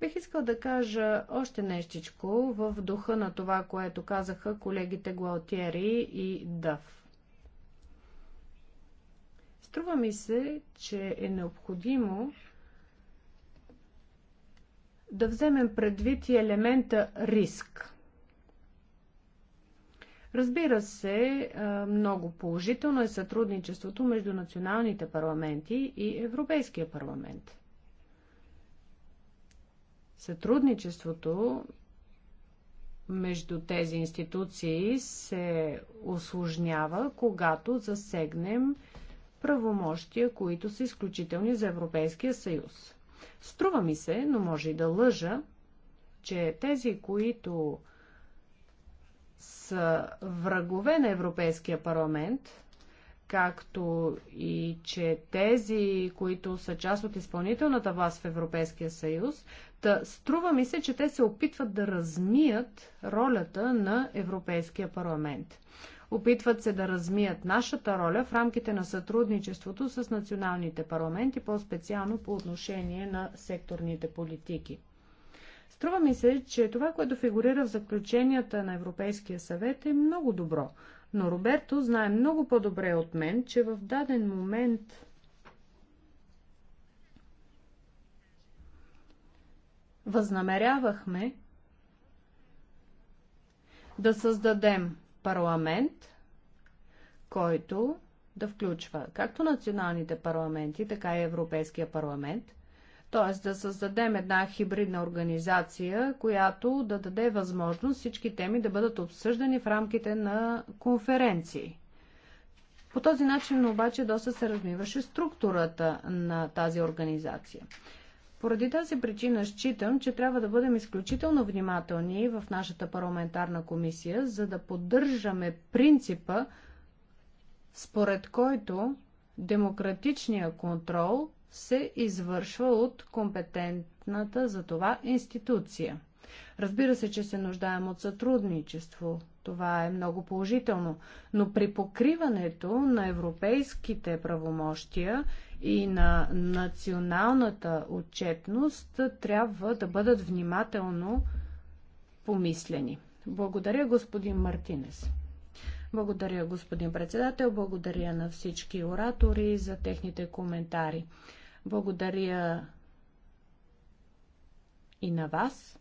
Бих искал да кажа още нещичко в духа на това, което казаха колегите Гуалтиери и Дъв. Струва ми се, че е необходимо да вземем предвид и елемента риск. Разбира се, много положително е сътрудничеството между националните парламенти и Европейския парламент. Сътрудничеството между тези институции се осложнява, когато засегнем правомощия, които са изключителни за Европейския съюз. Струва ми се, но може и да лъжа, че тези, които са врагове на Европейския парламент, както и че тези, които са част от изпълнителната власт в Европейския съюз, да струва ми се, че те се опитват да размият ролята на Европейския парламент. Опитват се да размият нашата роля в рамките на сътрудничеството с националните парламенти, по-специално по отношение на секторните политики. Струва ми се, че това, което фигурира в заключенията на Европейския съвет е много добро, но Роберто знае много по-добре от мен, че в даден момент възнамерявахме да създадем парламент, който да включва както националните парламенти, така и Европейския парламент – т.е. да създадем една хибридна организация, която да даде възможност всички теми да бъдат обсъждани в рамките на конференции. По този начин обаче доста се размиваше структурата на тази организация. Поради тази причина считам, че трябва да бъдем изключително внимателни в нашата парламентарна комисия, за да поддържаме принципа, според който демократичният контрол се извършва от компетентната за това институция. Разбира се, че се нуждаем от сътрудничество. Това е много положително. Но при покриването на европейските правомощия и на националната отчетност трябва да бъдат внимателно помислени. Благодаря, господин Мартинес. Благодаря, господин председател. Благодаря на всички оратори за техните коментари. Благодаря и на вас.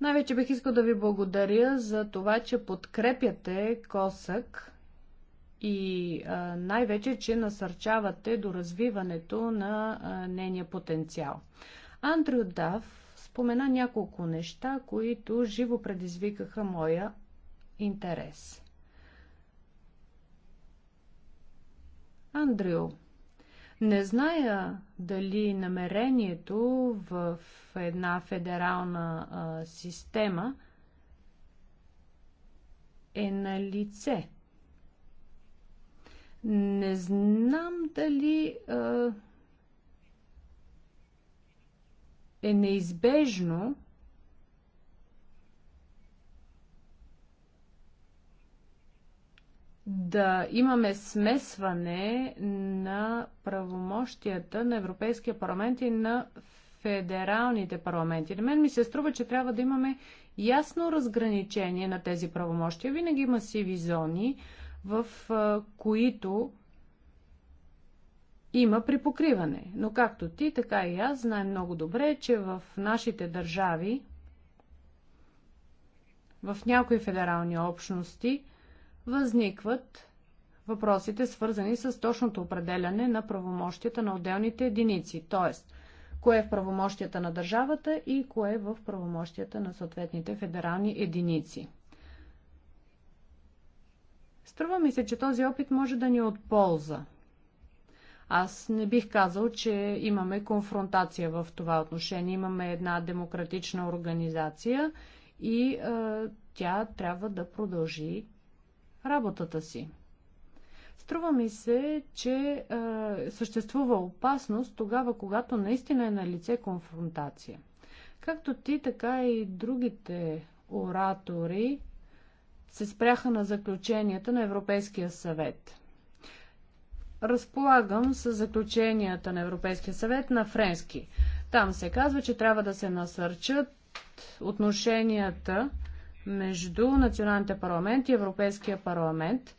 Най-вече бих искал да ви благодаря за това, че подкрепяте Косък и най-вече, че насърчавате до развиването на нейния потенциал. Андрю Дав спомена няколко неща, които живо предизвикаха моя интерес. Андрю, не зная дали намерението в една федерална а, система е на лице. Не знам дали а, е неизбежно да имаме смесване на правомощията на Европейския парламент и на федералните парламенти. На мен ми се струва, че трябва да имаме ясно разграничение на тези правомощия. Винаги има сиви зони, в които има припокриване. Но както ти, така и аз знаем много добре, че в нашите държави, в някои федерални общности, възникват въпросите, свързани с точното определяне на правомощията на отделните единици, т.е. кое е в правомощията на държавата и кое е в правомощията на съответните федерални единици. Струва ми се, че този опит може да ни е от полза. Аз не бих казал, че имаме конфронтация в това отношение. Имаме една демократична организация и е, тя трябва да продължи работата си. Струва ми се, че е, съществува опасност тогава, когато наистина е на лице конфронтация. Както ти, така и другите оратори се спряха на заключенията на Европейския съвет. Разполагам с заключенията на Европейския съвет на френски. Там се казва, че трябва да се насърчат отношенията между националните парламенти и Европейския парламент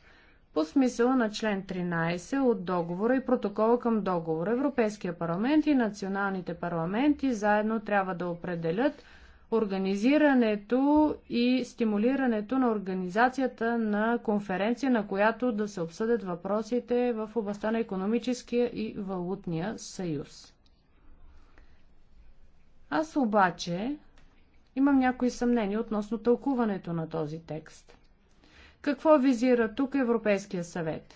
по смисъла на член 13 от договора и протокола към договора. Европейския парламент и националните парламенти заедно трябва да определят организирането и стимулирането на организацията на конференция, на която да се обсъдят въпросите в областта на економическия и валутния съюз. Аз обаче Имам някои съмнения относно тълкуването на този текст. Какво визира тук Европейския съвет?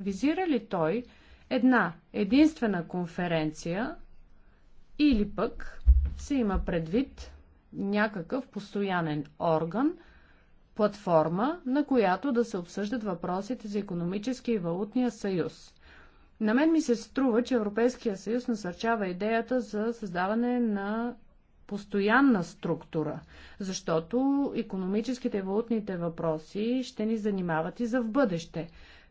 Визира ли той една единствена конференция или пък се има предвид някакъв постоянен орган, платформа, на която да се обсъждат въпросите за економически и валутния съюз. На мен ми се струва, че Европейския съюз насърчава идеята за създаване на постоянна структура, защото економическите и валутните въпроси ще ни занимават и за в бъдеще.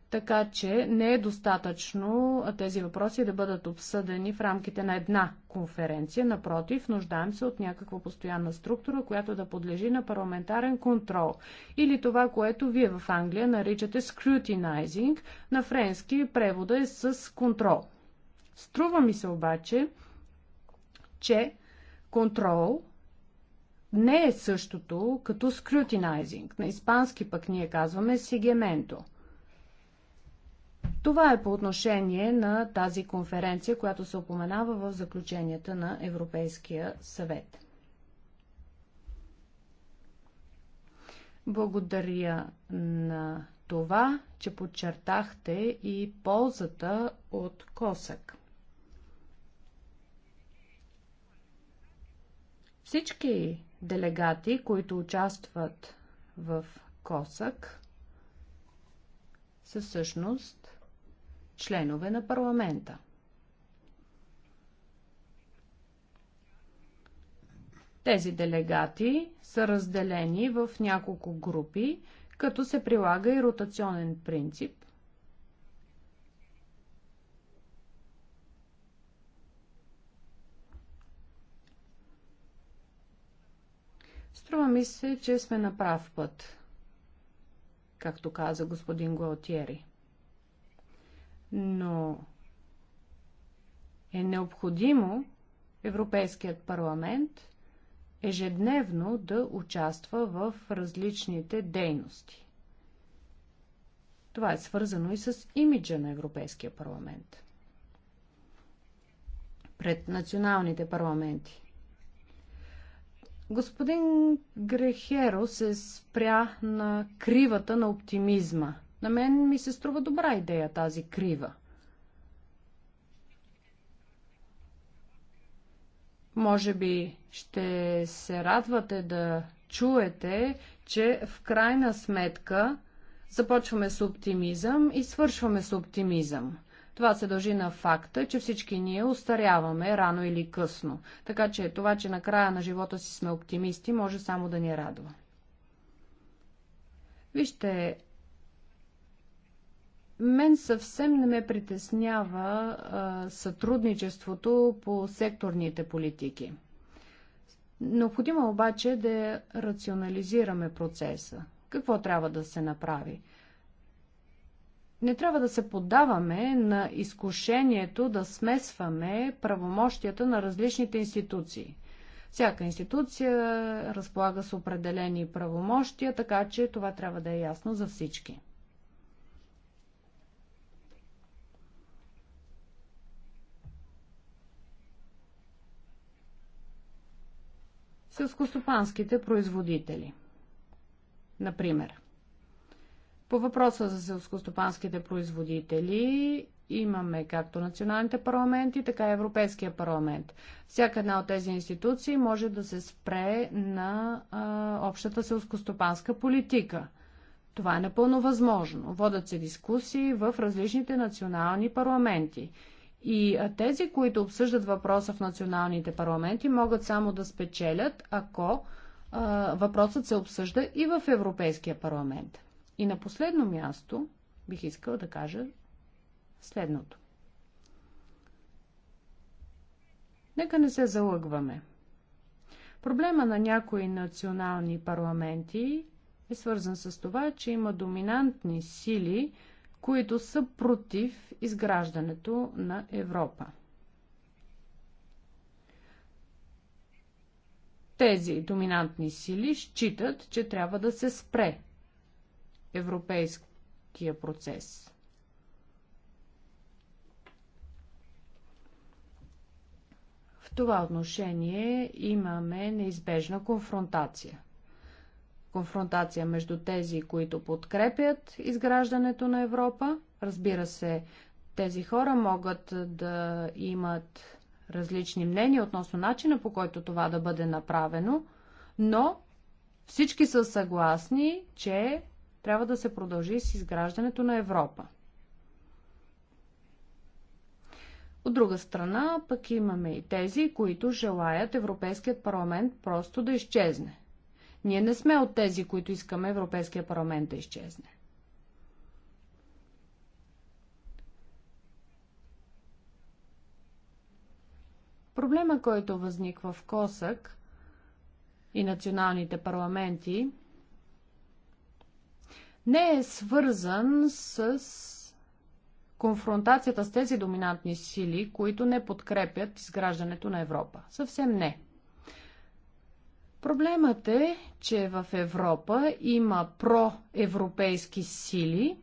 Така че не е достатъчно тези въпроси да бъдат обсъдени в рамките на една конференция. Напротив, нуждаем се от някаква постоянна структура, която да подлежи на парламентарен контрол. Или това, което вие в Англия наричате scrutinizing, на френски превода е с контрол. Струва ми се обаче, че Контрол не е същото като скрутинайзинг. На испански пък ние казваме сегементо. Това е по отношение на тази конференция, която се опоменава в заключенията на Европейския съвет. Благодаря на това, че подчертахте и ползата от косък. Всички делегати, които участват в КОСАК, са всъщност членове на парламента. Тези делегати са разделени в няколко групи, като се прилага и ротационен принцип, Струва ми се, че сме на прав път, както каза господин Гуалтиери. Но е необходимо Европейският парламент ежедневно да участва в различните дейности. Това е свързано и с имиджа на Европейския парламент. Пред националните парламенти. Господин Грехеро се спря на кривата на оптимизма. На мен ми се струва добра идея тази крива. Може би ще се радвате да чуете, че в крайна сметка започваме с оптимизъм и свършваме с оптимизъм. Това се дължи на факта, че всички ние устаряваме рано или късно. Така че това, че на края на живота си сме оптимисти, може само да ни радва. Вижте, мен съвсем не ме притеснява а, сътрудничеството по секторните политики. Необходимо е обаче да рационализираме процеса. Какво трябва да се направи? не трябва да се поддаваме на изкушението да смесваме правомощията на различните институции. Всяка институция разполага с определени правомощия, така че това трябва да е ясно за всички. Селскостопанските производители. Например – по въпроса за селскостопанските производители имаме както националните парламенти, така и Европейския парламент. Всяка една от тези институции може да се спре на а, общата селскостопанска политика. Това е напълно възможно. Водят се дискусии в различните национални парламенти. И тези, които обсъждат въпроса в националните парламенти, могат само да спечелят, ако а, въпросът се обсъжда и в Европейския парламент. И на последно място бих искал да кажа следното. Нека не се залъгваме. Проблема на някои национални парламенти е свързан с това, че има доминантни сили, които са против изграждането на Европа. Тези доминантни сили считат, че трябва да се спре европейския процес. В това отношение имаме неизбежна конфронтация. Конфронтация между тези, които подкрепят изграждането на Европа. Разбира се, тези хора могат да имат различни мнения относно начина по който това да бъде направено, но всички са съгласни, че трябва да се продължи с изграждането на Европа. От друга страна, пък имаме и тези, които желаят Европейският парламент просто да изчезне. Ние не сме от тези, които искаме Европейския парламент да изчезне. Проблема, който възниква в Косък и националните парламенти, не е свързан с конфронтацията с тези доминантни сили, които не подкрепят изграждането на Европа. Съвсем не. Проблемът е, че в Европа има проевропейски сили,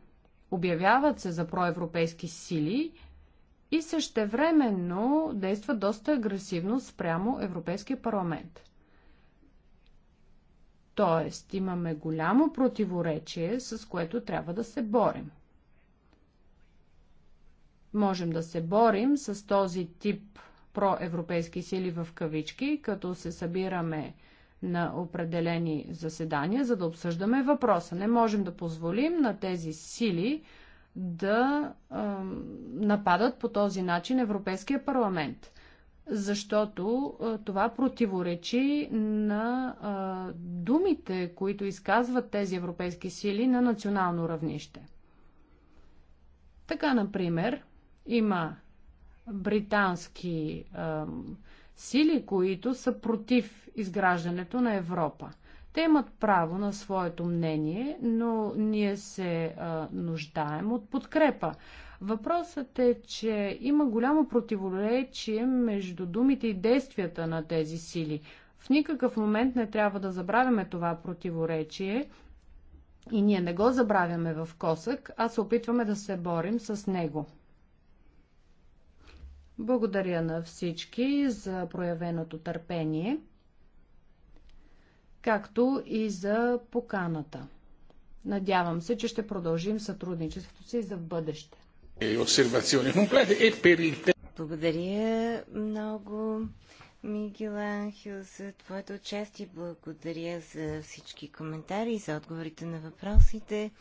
обявяват се за проевропейски сили и същевременно действат доста агресивно спрямо Европейския парламент. Тоест, имаме голямо противоречие, с което трябва да се борим. Можем да се борим с този тип проевропейски сили в кавички, като се събираме на определени заседания, за да обсъждаме въпроса. Не можем да позволим на тези сили да е, нападат по този начин Европейския парламент защото това противоречи на думите, които изказват тези европейски сили на национално равнище. Така, например, има британски а, сили, които са против изграждането на Европа. Те имат право на своето мнение, но ние се а, нуждаем от подкрепа. Въпросът е, че има голямо противоречие между думите и действията на тези сили. В никакъв момент не трябва да забравяме това противоречие и ние не го забравяме в Косък, а се опитваме да се борим с него. Благодаря на всички за проявеното търпение, както и за поканата. Надявам се, че ще продължим сътрудничеството си за в бъдеще. E e Благодаря много, Мигел Анхил, за твоето участие. Благодаря за всички коментари, за отговорите на въпросите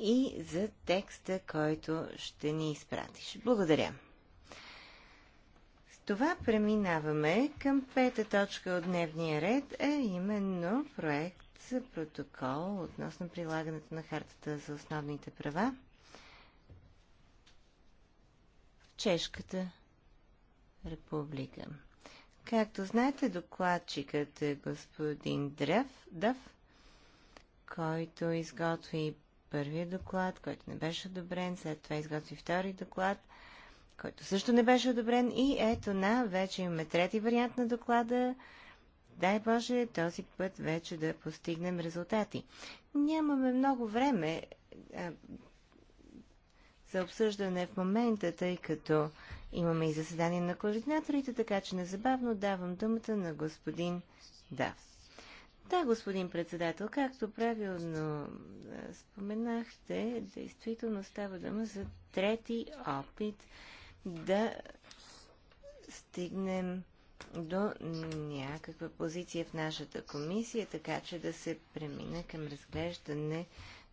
и за текста, който ще ни изпратиш. Благодаря. С това преминаваме към пета точка от дневния ред, а е именно проект за протокол относно прилагането на Хартата за основните права Чешката република. Както знаете, докладчикът е господин Древ, Дъв, който изготви първия доклад, който не беше одобрен, след това изготви втори доклад, който също не беше одобрен и ето на, вече имаме трети вариант на доклада. Дай Боже, този път вече да постигнем резултати. Нямаме много време за обсъждане в момента, тъй като имаме и заседание на координаторите, така че незабавно давам думата на господин Дав. Да, господин председател, както правилно споменахте, действително става дума за трети опит да стигнем до някаква позиция в нашата комисия, така че да се премина към разглеждане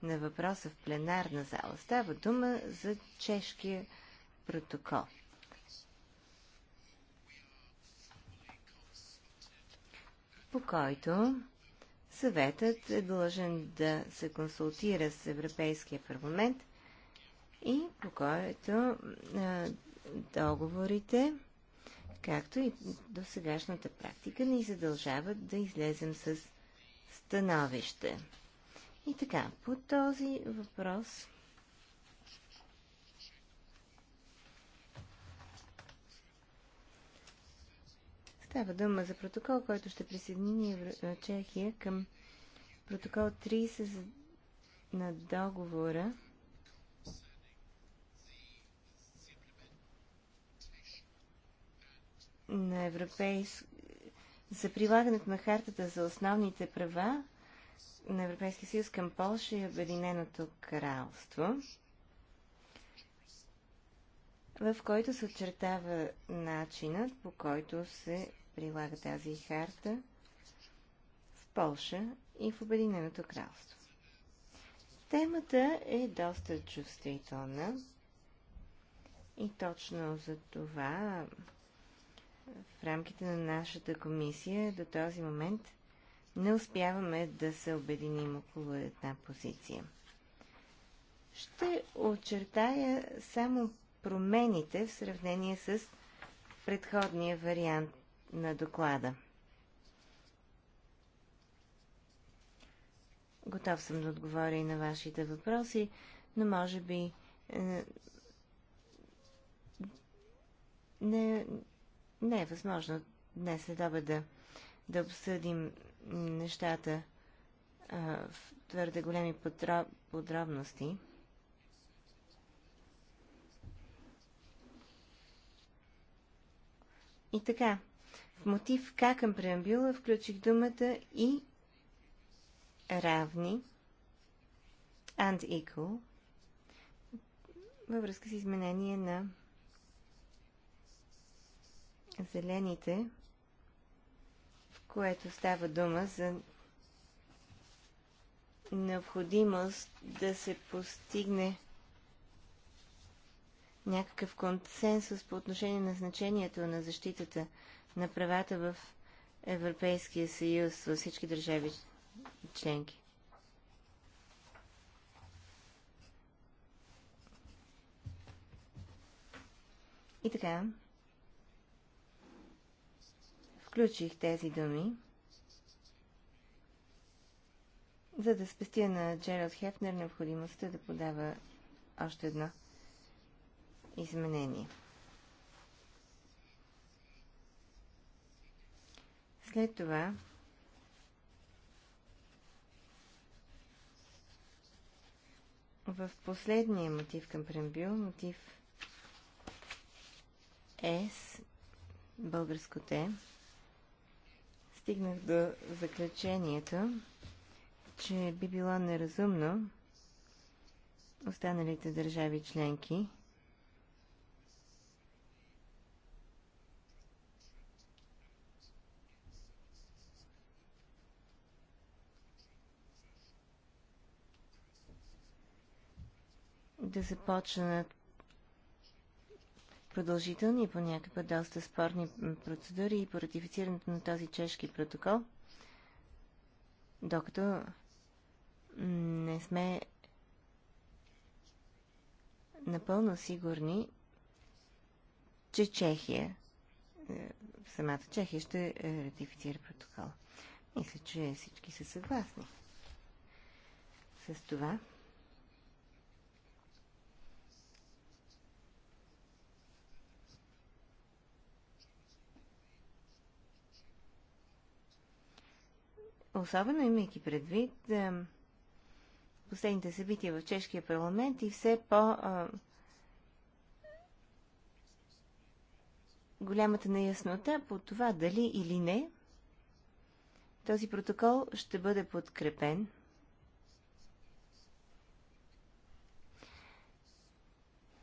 на въпроса в пленарна зала. Става дума за чешкия протокол. по който съветът е длъжен да се консултира с Европейския парламент и по който договорите, както и до сегашната практика, ни задължават да излезем с становище. И така, по този въпрос става дума за протокол, който ще присъедини е, Чехия към протокол 30 на договора на европейско за прилагането на хартата за основните права на Европейския съюз към Польша и Обединеното кралство, в който се очертава начинът, по който се прилага тази харта в Польша и в Обединеното кралство. Темата е доста чувствителна и точно за това в рамките на нашата комисия до този момент – не успяваме да се обединим около една позиция. Ще очертая само промените в сравнение с предходния вариант на доклада. Готов съм да отговоря и на вашите въпроси, но може би е, не, не е възможно днес след обеда да обсъдим нещата а, в твърде големи подробности. И така, в мотив К към преамбюла включих думата и равни and equal във връзка с изменение на зелените което става дума за необходимост да се постигне някакъв консенсус по отношение на значението на защитата на правата в Европейския съюз във всички държави членки. И така, включих тези думи, за да спестя на Джералд Хефнер необходимостта да подава още едно изменение. След това в последния мотив към Прембил, мотив С, българско Т, стигнах до заключението, че би било неразумно останалите държави членки да започнат продължителни и понякога доста спорни процедури и по ратифицирането на този чешки протокол, докато не сме напълно сигурни, че Чехия, е, самата Чехия ще ратифицира протокола. Мисля, че всички са съгласни с това. особено имайки предвид е, последните събития в чешкия парламент и все по е, голямата неяснота по това дали или не този протокол ще бъде подкрепен.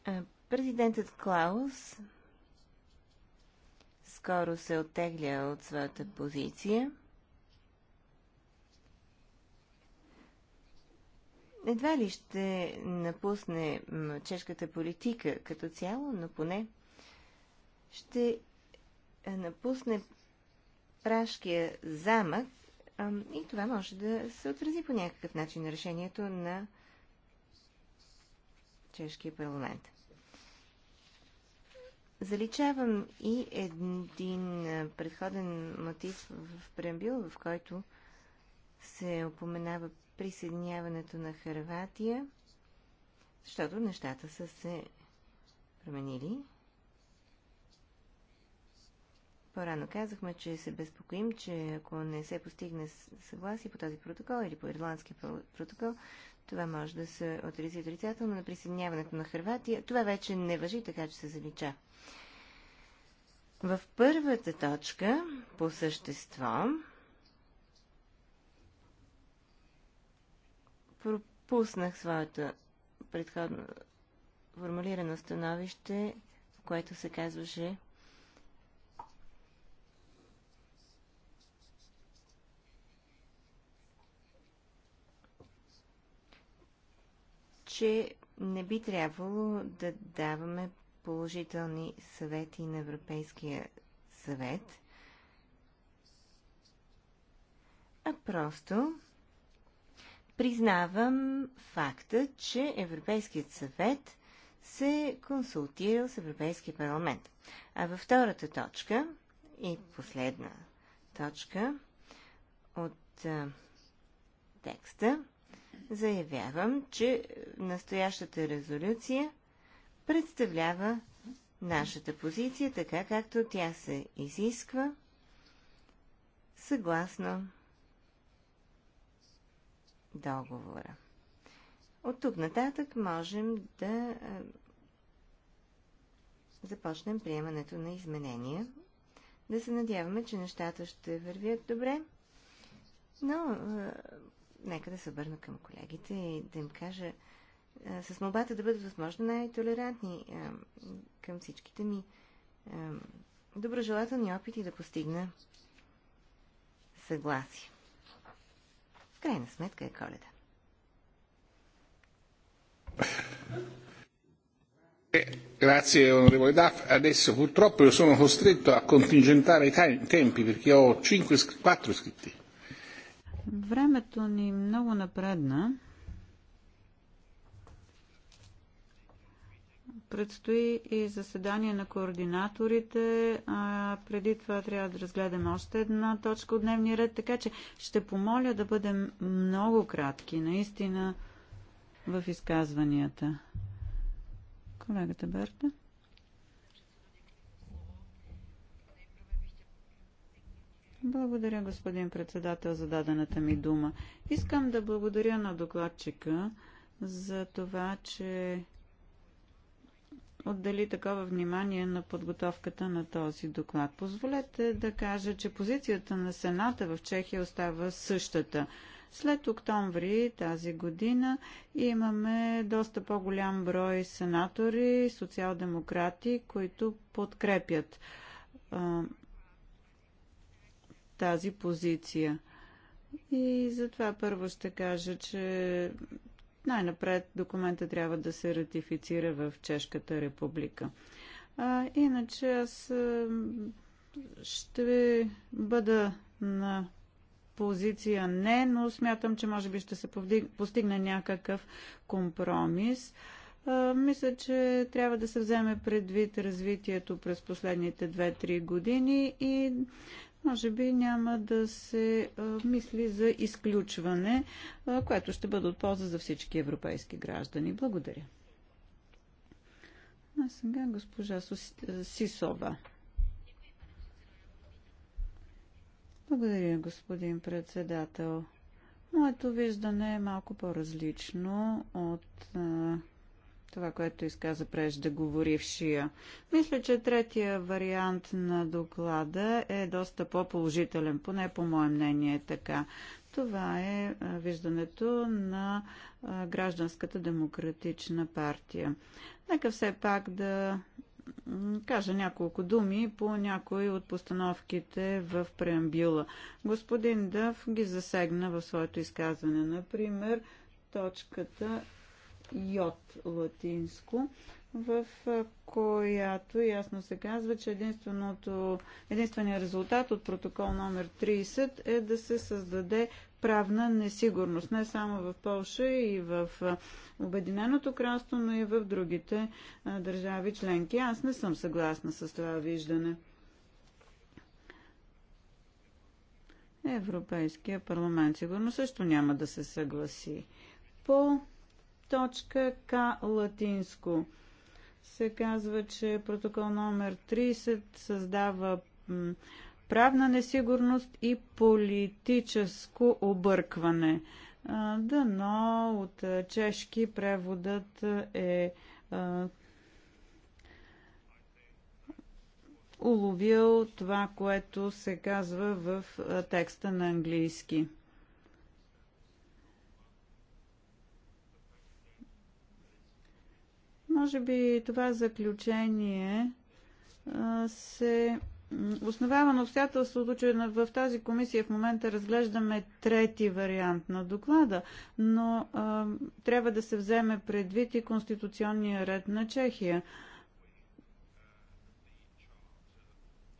Е, президентът Клаус скоро се оттегля от своята позиция – едва ли ще напусне чешката политика като цяло, но поне ще е, напусне прашкия замък и това може да се отрази по някакъв начин на решението на чешкия парламент. Заличавам и един е, предходен мотив в преамбил, в който се опоменава присъединяването на Харватия, защото нещата са се променили. По-рано казахме, че се безпокоим, че ако не се постигне съгласие по този протокол или по ирландския протокол, това може да се отрези отрицателно на присъединяването на Харватия. Това вече не въжи, така че се залича. В първата точка по същество пропуснах своето предходно формулирано становище, в което се казваше, че не би трябвало да даваме положителни съвети на Европейския съвет, а просто Признавам факта, че Европейският съвет се консултирал с Европейския парламент. А във втората точка и последна точка от а, текста заявявам, че настоящата резолюция представлява нашата позиция така, както тя се изисква съгласно договора. От тук нататък можем да е, започнем приемането на изменения. Да се надяваме, че нещата ще вървят добре, но е, нека да се обърна към колегите и да им кажа е, с молбата да бъдат възможно най-толерантни е, към всичките ми е, доброжелателни опити да постигна съгласие крайна сметка е коледа. Grazie onorevole Daff. Adesso purtroppo io sono costretto a contingentare i tempi perché ho 5, 4 iscritti. Времето ни много напредна. Предстои и заседание на координаторите. А, преди това трябва да разгледаме още една точка от дневния ред, така че ще помоля да бъдем много кратки, наистина, в изказванията. Колегата Берта. Благодаря, господин председател, за дадената ми дума. Искам да благодаря на докладчика за това, че отдели такова внимание на подготовката на този доклад. Позволете да кажа, че позицията на Сената в Чехия остава същата. След октомври тази година имаме доста по-голям брой сенатори, социал-демократи, които подкрепят а, тази позиция. И затова първо ще кажа, че най-напред документа трябва да се ратифицира в Чешката република. А, иначе аз ще бъда на позиция не, но смятам, че може би ще се повдиг... постигне някакъв компромис. А, мисля, че трябва да се вземе предвид развитието през последните 2-3 години и може би няма да се мисли за изключване, което ще бъде от полза за всички европейски граждани. Благодаря. А сега госпожа Сисова. Благодаря, господин председател. Моето виждане е малко по-различно от това, което изказа преждеговорившия. Мисля, че третия вариант на доклада е доста по-положителен, поне по мое мнение е така. Това е виждането на Гражданската демократична партия. Нека все пак да кажа няколко думи по някои от постановките в преамбюла. Господин Дъв ги засегна в своето изказване. Например, точката йод латинско, в която ясно се казва, че единственото, единственият резултат от протокол номер 30 е да се създаде правна несигурност, не само в Польша и в Обединеното кралство, но и в другите държави членки. Аз не съм съгласна с това виждане. Европейския парламент сигурно също няма да се съгласи. По точка К латинско се казва, че протокол номер 30 създава правна несигурност и политическо объркване. Дано от чешки преводът е уловил това, което се казва в текста на английски. Може би това заключение се основава на обстоятелството, че в тази комисия в момента разглеждаме трети вариант на доклада, но трябва да се вземе предвид и конституционния ред на Чехия.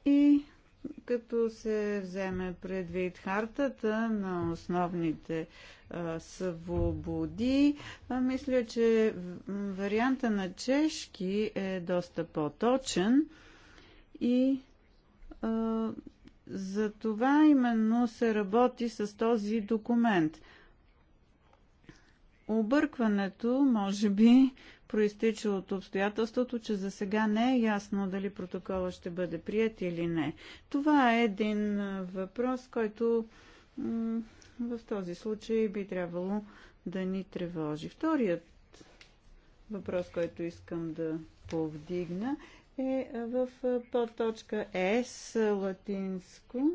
И като се вземе предвид хартата на основните а, свободи, а, мисля, че варианта на чешки е доста по-точен и а, за това именно се работи с този документ. Объркването, може би, проистича от обстоятелството, че за сега не е ясно дали протокола ще бъде прият или не. Това е един въпрос, който в този случай би трябвало да ни тревожи. Вторият въпрос, който искам да повдигна е в подточка С, латинско,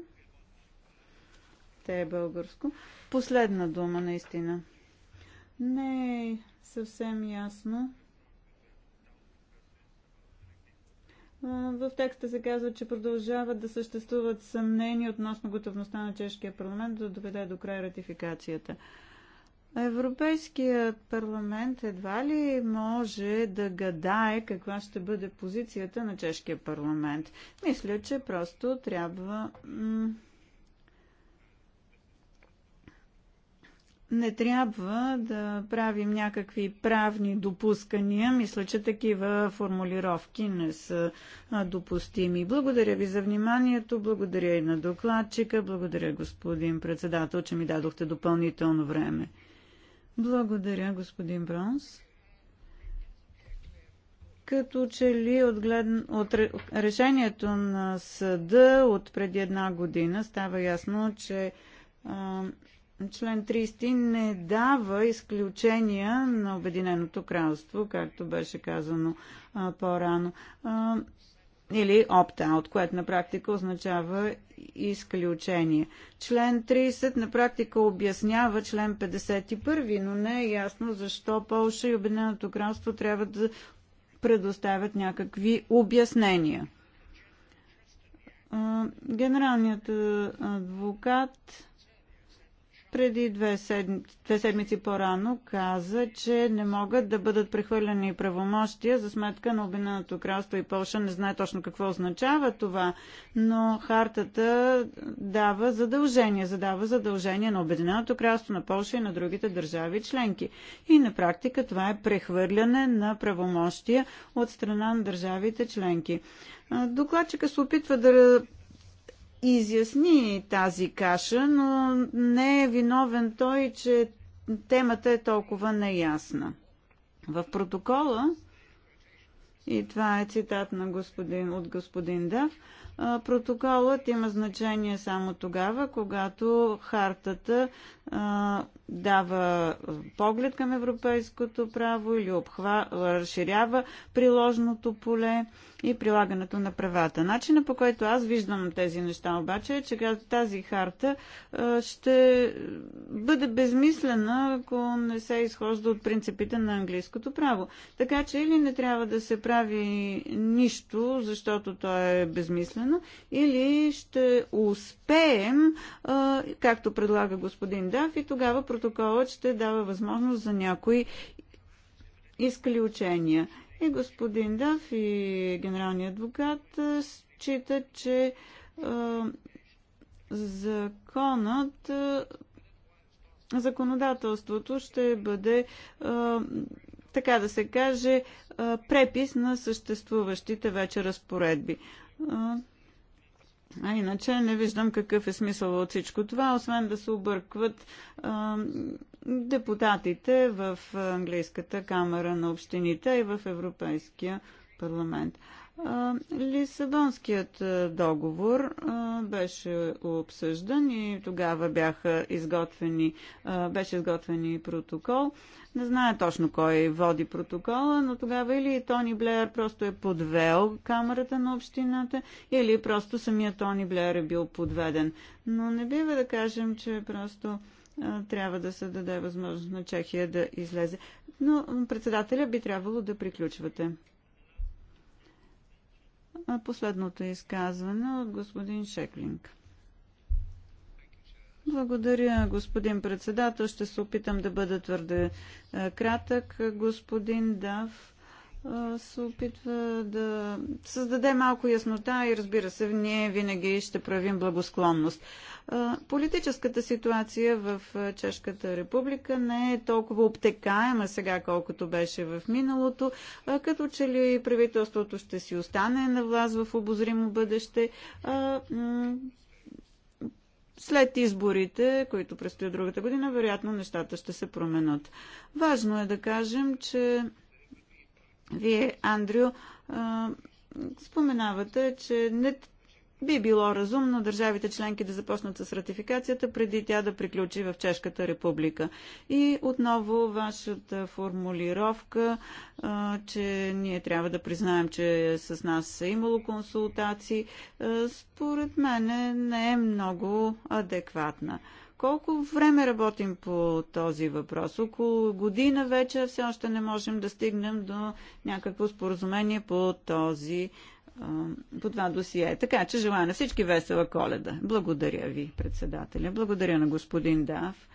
те е българско. Последна дума, наистина. Не е съвсем ясно. В текста се казва, че продължават да съществуват съмнения относно готовността на чешкия парламент да доведе до край ратификацията. Европейският парламент едва ли може да гадае каква ще бъде позицията на чешкия парламент. Мисля, че просто трябва не трябва да правим някакви правни допускания. Мисля, че такива формулировки не са допустими. Благодаря ви за вниманието, благодаря и на докладчика, благодаря господин председател, че ми дадохте допълнително време. Благодаря, господин Бронс. Като че ли от, глед... от решението на съда от преди една година става ясно, че Член 30 не дава изключения на Обединеното кралство, както беше казано по-рано. или opt-out, което на практика означава изключение. Член 30 на практика обяснява член 51, но не е ясно защо Полша и Обединеното кралство трябва да предоставят някакви обяснения. Генералният адвокат преди две, седмици, две седмици по-рано каза, че не могат да бъдат прехвърлени правомощия за сметка на Обединеното кралство и Польша. Не знае точно какво означава това, но хартата дава задължение, задава задължение на Обединеното кралство, на Польша и на другите държави членки. И на практика това е прехвърляне на правомощия от страна на държавите членки. Докладчика се опитва да изясни тази каша, но не е виновен той, че темата е толкова неясна. В протокола, и това е цитат на господин, от господин Дав, протоколът има значение само тогава, когато хартата а, дава поглед към европейското право или обхва, разширява приложното поле и прилагането на правата. Начина по който аз виждам тези неща обаче е, че тази харта ще бъде безмислена, ако не се изхожда от принципите на английското право. Така че или не трябва да се прави нищо, защото то е безмислено, или ще успеем, както предлага господин Даф, и тогава протоколът ще дава възможност за някои изключения. И господин Дав и генералният адвокат считат, че а, законът, а, законодателството ще бъде, а, така да се каже, а, препис на съществуващите вече разпоредби. А, а иначе не виждам какъв е смисъл от всичко това, освен да се объркват а, депутатите в Английската камера на общините и в Европейския парламент. Лисабонският договор беше обсъждан и тогава бяха изготвени, беше изготвен и протокол. Не знае точно кой води протокола, но тогава или Тони Блеер просто е подвел камерата на общината, или просто самият Тони Блеер е бил подведен. Но не бива да кажем, че просто трябва да се даде възможност на Чехия да излезе. Но председателя би трябвало да приключвате. Последното изказване от господин Шеклинг. Благодаря, господин председател. Ще се опитам да бъда твърде е, кратък. Господин Дав се опитва да създаде малко яснота и разбира се, ние винаги ще правим благосклонност. Политическата ситуация в Чешката република не е толкова обтекаема сега, колкото беше в миналото, като че ли правителството ще си остане на власт в обозримо бъдеще след изборите, които предстоят другата година, вероятно нещата ще се променят. Важно е да кажем, че вие, Андрю, споменавате, че не би било разумно държавите членки да започнат с ратификацията преди тя да приключи в Чешката република. И отново вашата формулировка, че ние трябва да признаем, че с нас е имало консултации, според мен не е много адекватна. Колко време работим по този въпрос? Около година вече все още не можем да стигнем до някакво споразумение по този по това досие. Така че желая на всички весела коледа. Благодаря ви, председателя. Благодаря на господин Дав.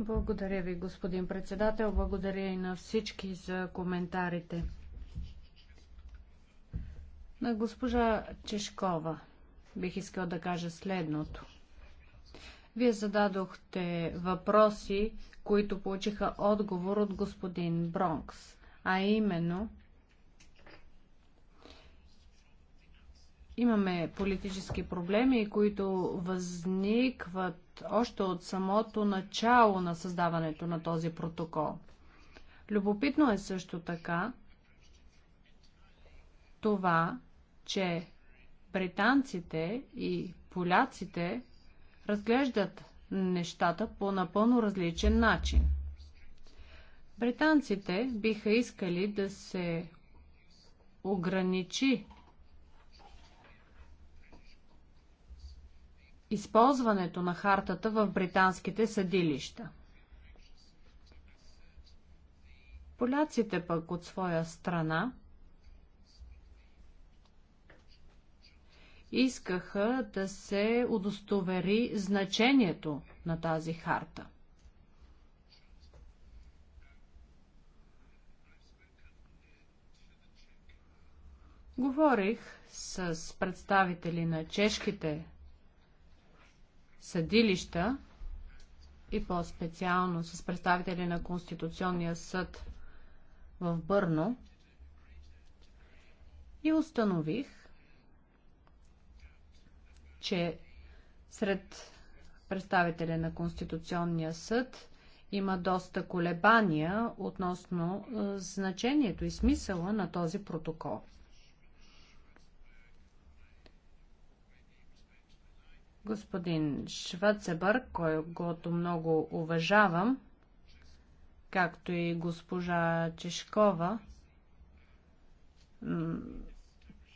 Благодаря ви, господин председател. Благодаря и на всички за коментарите. На госпожа Чешкова бих искал да кажа следното. Вие зададохте въпроси, които получиха отговор от господин Бронкс, а именно имаме политически проблеми, които възникват още от самото начало на създаването на този протокол. Любопитно е също така това, че британците и поляците разглеждат нещата по напълно различен начин. Британците биха искали да се ограничи използването на хартата в британските съдилища. Поляците пък от своя страна искаха да се удостовери значението на тази харта. Говорих с представители на чешките съдилища и по-специално с представители на Конституционния съд в Бърно и установих, че сред представителя на Конституционния съд има доста колебания относно е, значението и смисъла на този протокол. Господин Швацебър, който много уважавам, както и госпожа Чешкова,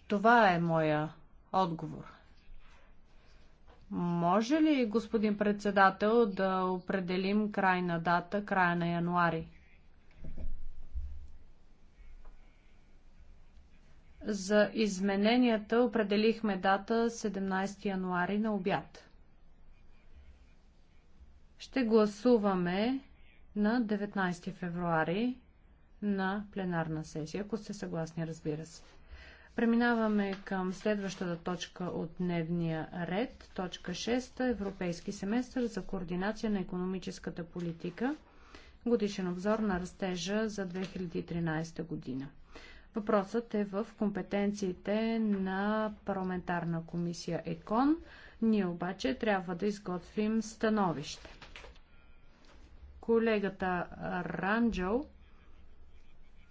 това е моя отговор. Може ли, господин председател, да определим крайна дата, края на януари? За измененията определихме дата 17 януари на обяд. Ще гласуваме на 19 февруари на пленарна сесия, ако сте съгласни, разбира се. Преминаваме към следващата точка от дневния ред, точка 6, Европейски семестър за координация на економическата политика, годишен обзор на растежа за 2013 година. Въпросът е в компетенциите на парламентарна комисия ЕКОН. Ние обаче трябва да изготвим становище. Колегата Ранджел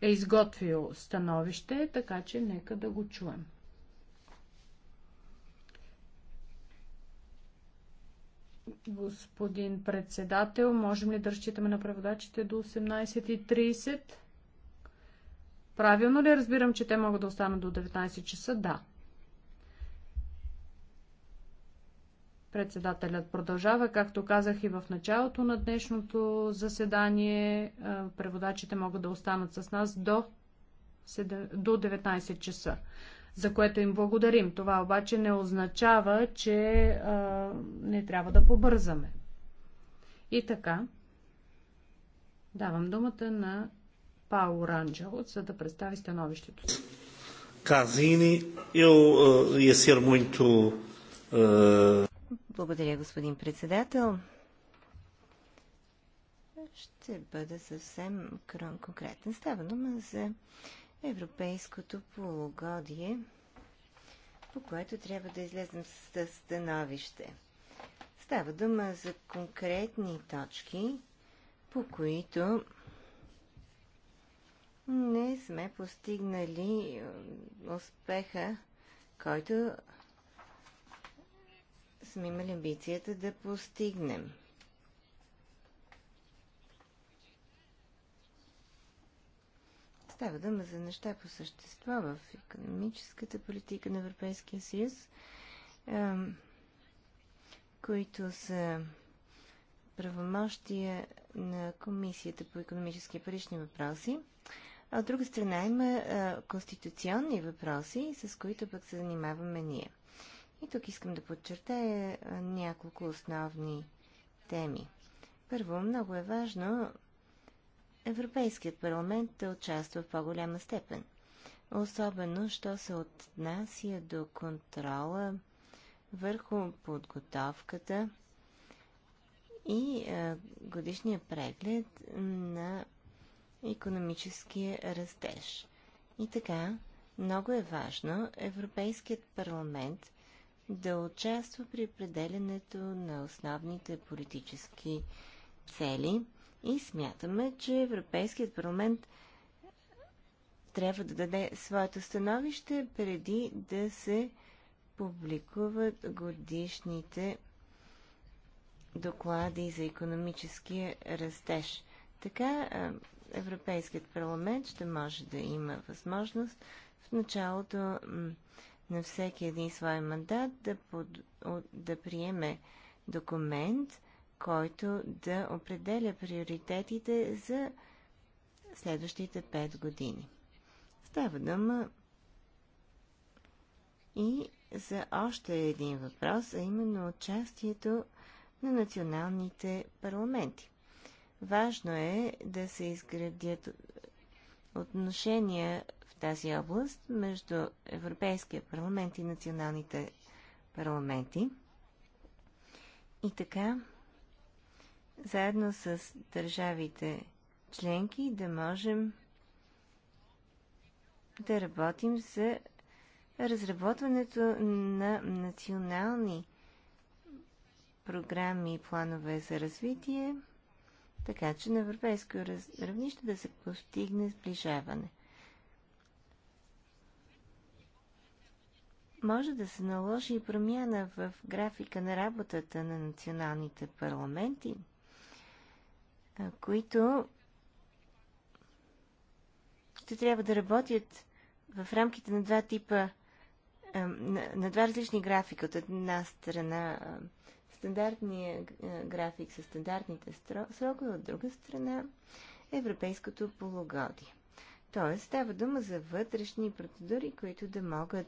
е изготвил становище, така че нека да го чуем. Господин председател, можем ли да разчитаме на преводачите до 18.30? Правилно ли разбирам, че те могат да останат до 19 часа? Да. Председателят продължава, както казах и в началото на днешното заседание. Преводачите могат да останат с нас до, 7, до 19 часа, за което им благодарим. Това обаче не означава, че а, не трябва да побързаме. И така, давам думата на Пао Ранджел, за да представи становището си. Casini, eu uh, Uh... Благодаря, господин председател. Ще бъда съвсем крон конкретен. Става дума за европейското полугодие, по което трябва да излезем с становище. Става дума за конкретни точки, по които не сме постигнали успеха, който сме имали амбицията да постигнем. Става дума за неща по същество в економическата политика на Европейския съюз, които са правомощия на Комисията по економически и парични въпроси. А от друга страна има конституционни въпроси, с които пък се занимаваме ние. И тук искам да подчертая няколко основни теми. Първо, много е важно Европейският парламент да участва в по-голяма степен. Особено, що се отнася до контрола върху подготовката и годишния преглед на економическия растеж. И така, много е важно Европейският парламент да участва при определенето на основните политически цели и смятаме, че Европейският парламент трябва да даде своето становище преди да се публикуват годишните доклади за економическия растеж. Така Европейският парламент ще може да има възможност в началото на всеки един свой мандат да, под, да приеме документ, който да определя приоритетите за следващите 5 години. Става дума и за още един въпрос, а именно участието на националните парламенти. Важно е да се изградят отношения тази област между Европейския парламент и националните парламенти. И така, заедно с държавите членки да можем да работим за разработването на национални програми и планове за развитие, така че на европейско равнище да се постигне сближаване. може да се наложи и промяна в графика на работата на националните парламенти, които ще трябва да работят в рамките на два типа, на два различни графика. От една страна стандартния график с стандартните срокове, от друга страна европейското полугодие. Тоест става дума за вътрешни процедури, които да могат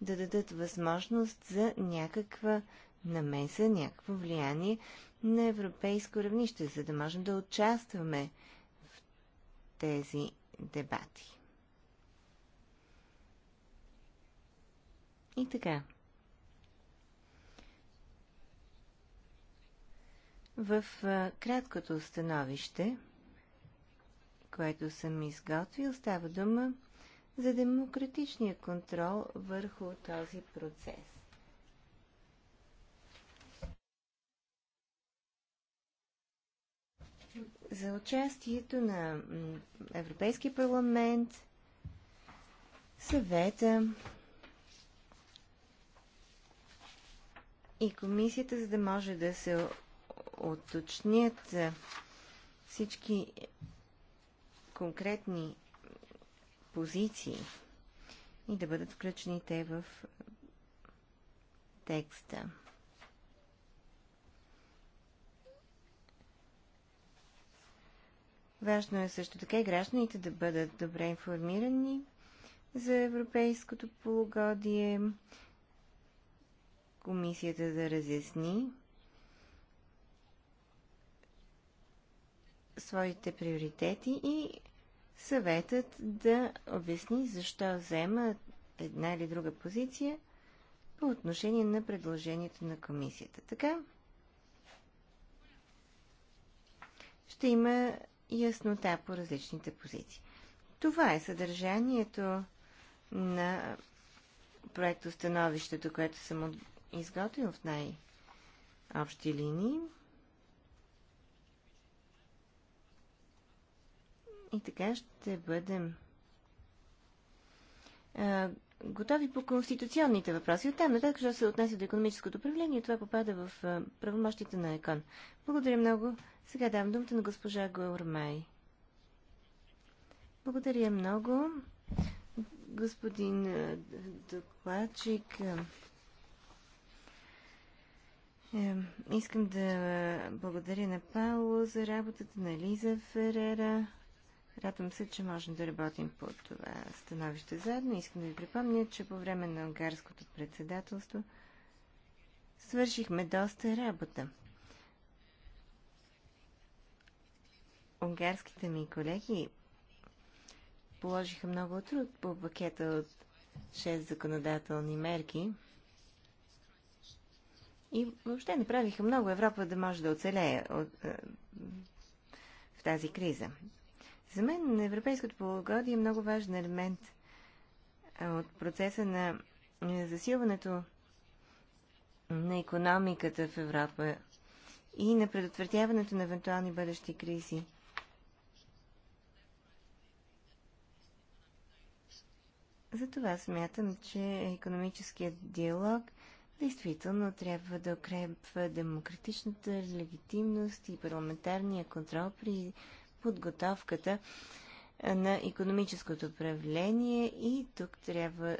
да дадат възможност за някаква намеса, някакво влияние на европейско равнище, за да можем да участваме в тези дебати. И така. В краткото становище, което съм изготвил, става дума за демократичния контрол върху този процес. За участието на Европейския парламент, съвета и комисията, за да може да се уточнят всички конкретни позиции и да бъдат включени те в текста. Важно е също така и гражданите да бъдат добре информирани за европейското полугодие, комисията да разясни своите приоритети и съветът да обясни защо взема една или друга позиция по отношение на предложението на комисията. Така ще има яснота по различните позиции. Това е съдържанието на проекто становището, което съм изготвил в най-общи линии. И така ще бъдем а, готови по конституционните въпроси. Оттам нататък, що се отнася до економическото управление, това попада в правомощите на ЕКОН. Благодаря много. Сега давам думата на госпожа Гормай. Благодаря много. Господин докладчик, е, Искам да благодаря на Пауло за работата, на Лиза Ферера, Радвам се, че можем да работим по това становище заедно. Искам да ви припомня, че по време на унгарското председателство свършихме доста работа. Унгарските ми колеги положиха много труд по пакета от 6 законодателни мерки и въобще направиха много Европа да може да оцелее от, е, в тази криза. За мен европейското полугодие е много важен елемент от процеса на е, засилването на економиката в Европа и на предотвратяването на евентуални бъдещи кризи. Затова смятам, че економическият диалог действително трябва да укрепва демократичната легитимност и парламентарния контрол при подготовката на економическото управление и тук трябва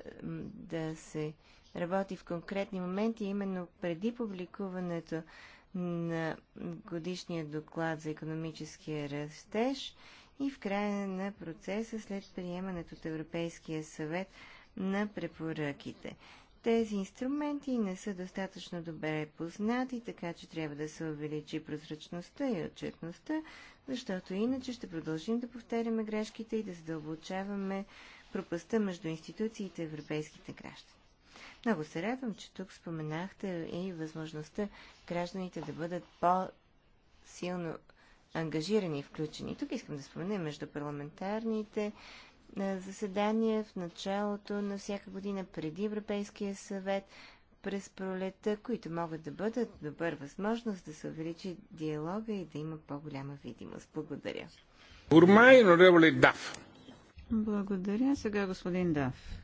да се работи в конкретни моменти, именно преди публикуването на годишния доклад за економическия растеж и в края на процеса след приемането от Европейския съвет на препоръките. Тези инструменти не са достатъчно добре познати, така че трябва да се увеличи прозрачността и отчетността, защото иначе ще продължим да повтаряме грешките и да задълбочаваме пропаста между институциите и европейските граждани. Много се радвам, че тук споменахте и възможността гражданите да бъдат по-силно ангажирани и включени. Тук искам да спомена между парламентарните заседания в началото на всяка година преди Европейския съвет през пролета, които могат да бъдат добър възможност да се увеличи диалога и да има по-голяма видимост. Благодаря. Урмай, нореволе Даф. Благодаря. Сега господин Даф.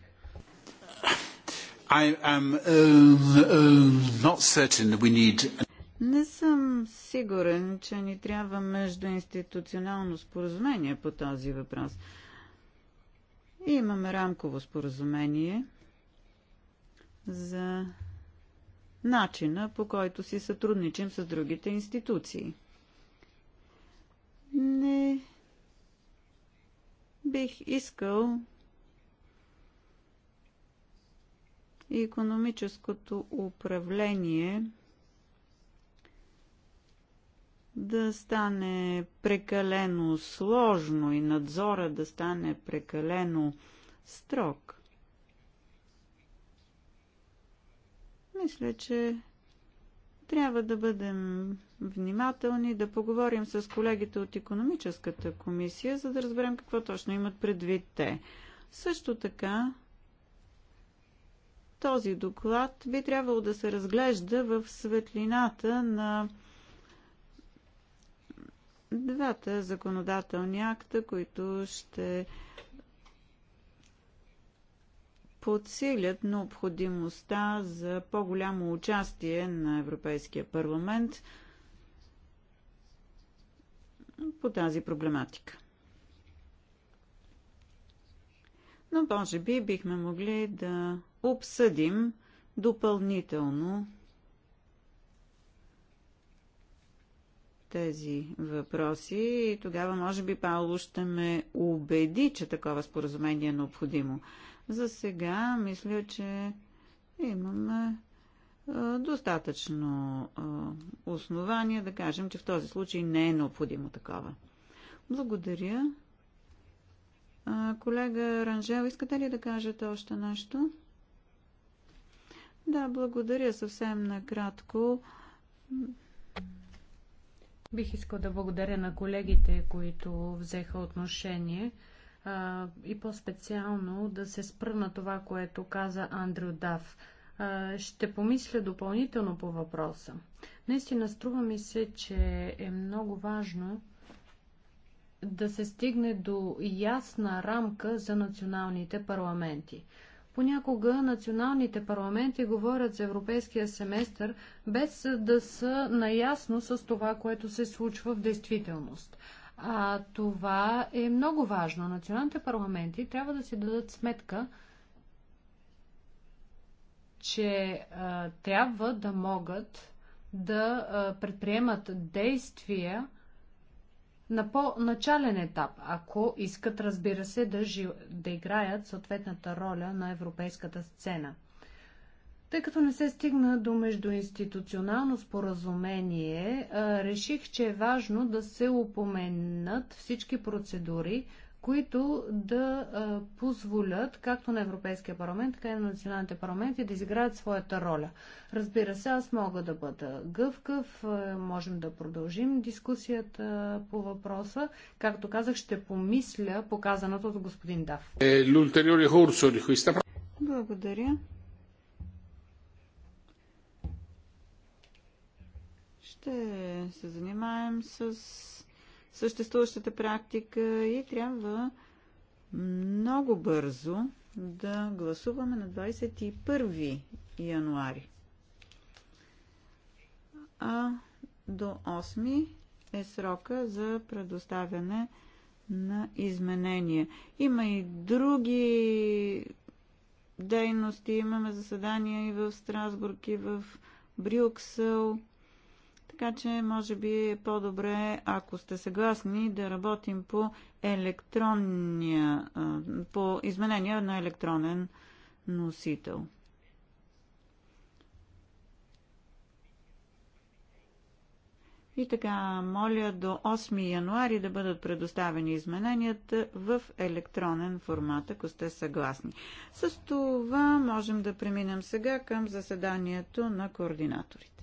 I am uh, uh, not certain that we need... Не съм сигурен, че ни трябва междуинституционално споразумение по този въпрос. Имаме рамково споразумение за начина по който си сътрудничим с другите институции. Не бих искал и економическото управление да стане прекалено сложно и надзора да стане прекалено строг – Мисля, че трябва да бъдем внимателни, да поговорим с колегите от економическата комисия, за да разберем какво точно имат предвид те. Също така, този доклад би трябвало да се разглежда в светлината на двата законодателни акта, които ще подсилят необходимостта за по-голямо участие на Европейския парламент по тази проблематика. Но може би бихме могли да обсъдим допълнително тези въпроси и тогава може би Пауло ще ме убеди, че такова споразумение е необходимо. За сега мисля, че имаме достатъчно основания да кажем, че в този случай не е необходимо такова. Благодаря. Колега Ранжел, искате ли да кажете още нещо? Да, благодаря съвсем накратко. Бих искал да благодаря на колегите, които взеха отношение а, и по-специално да се спра на това, което каза Андрю Дав. А, ще помисля допълнително по въпроса. Наистина струва ми се, че е много важно да се стигне до ясна рамка за националните парламенти. Понякога националните парламенти говорят за европейския семестър без да са наясно с това, което се случва в действителност. А, това е много важно. Националните парламенти трябва да си дадат сметка, че а, трябва да могат да а, предприемат действия на по-начален етап, ако искат, разбира се, да, жи... да играят съответната роля на европейската сцена – тъй като не се стигна до междуинституционално споразумение, реших, че е важно да се упоменат всички процедури, които да позволят както на Европейския парламент, така и на националните парламенти да изиграят своята роля. Разбира се, аз мога да бъда гъвкав, можем да продължим дискусията по въпроса. Както казах, ще помисля показаното от господин Дав. Е, Благодаря. ще се занимаем с съществуващата практика и трябва много бързо да гласуваме на 21 януари. А до 8 е срока за предоставяне на изменения. Има и други дейности. Имаме заседания и в Страсбург, и в Брюксел. Така че, може би е по-добре, ако сте съгласни, да работим по електронния, по изменения на електронен носител. И така, моля до 8 януари да бъдат предоставени измененията в електронен формат, ако сте съгласни. С това можем да преминем сега към заседанието на координаторите.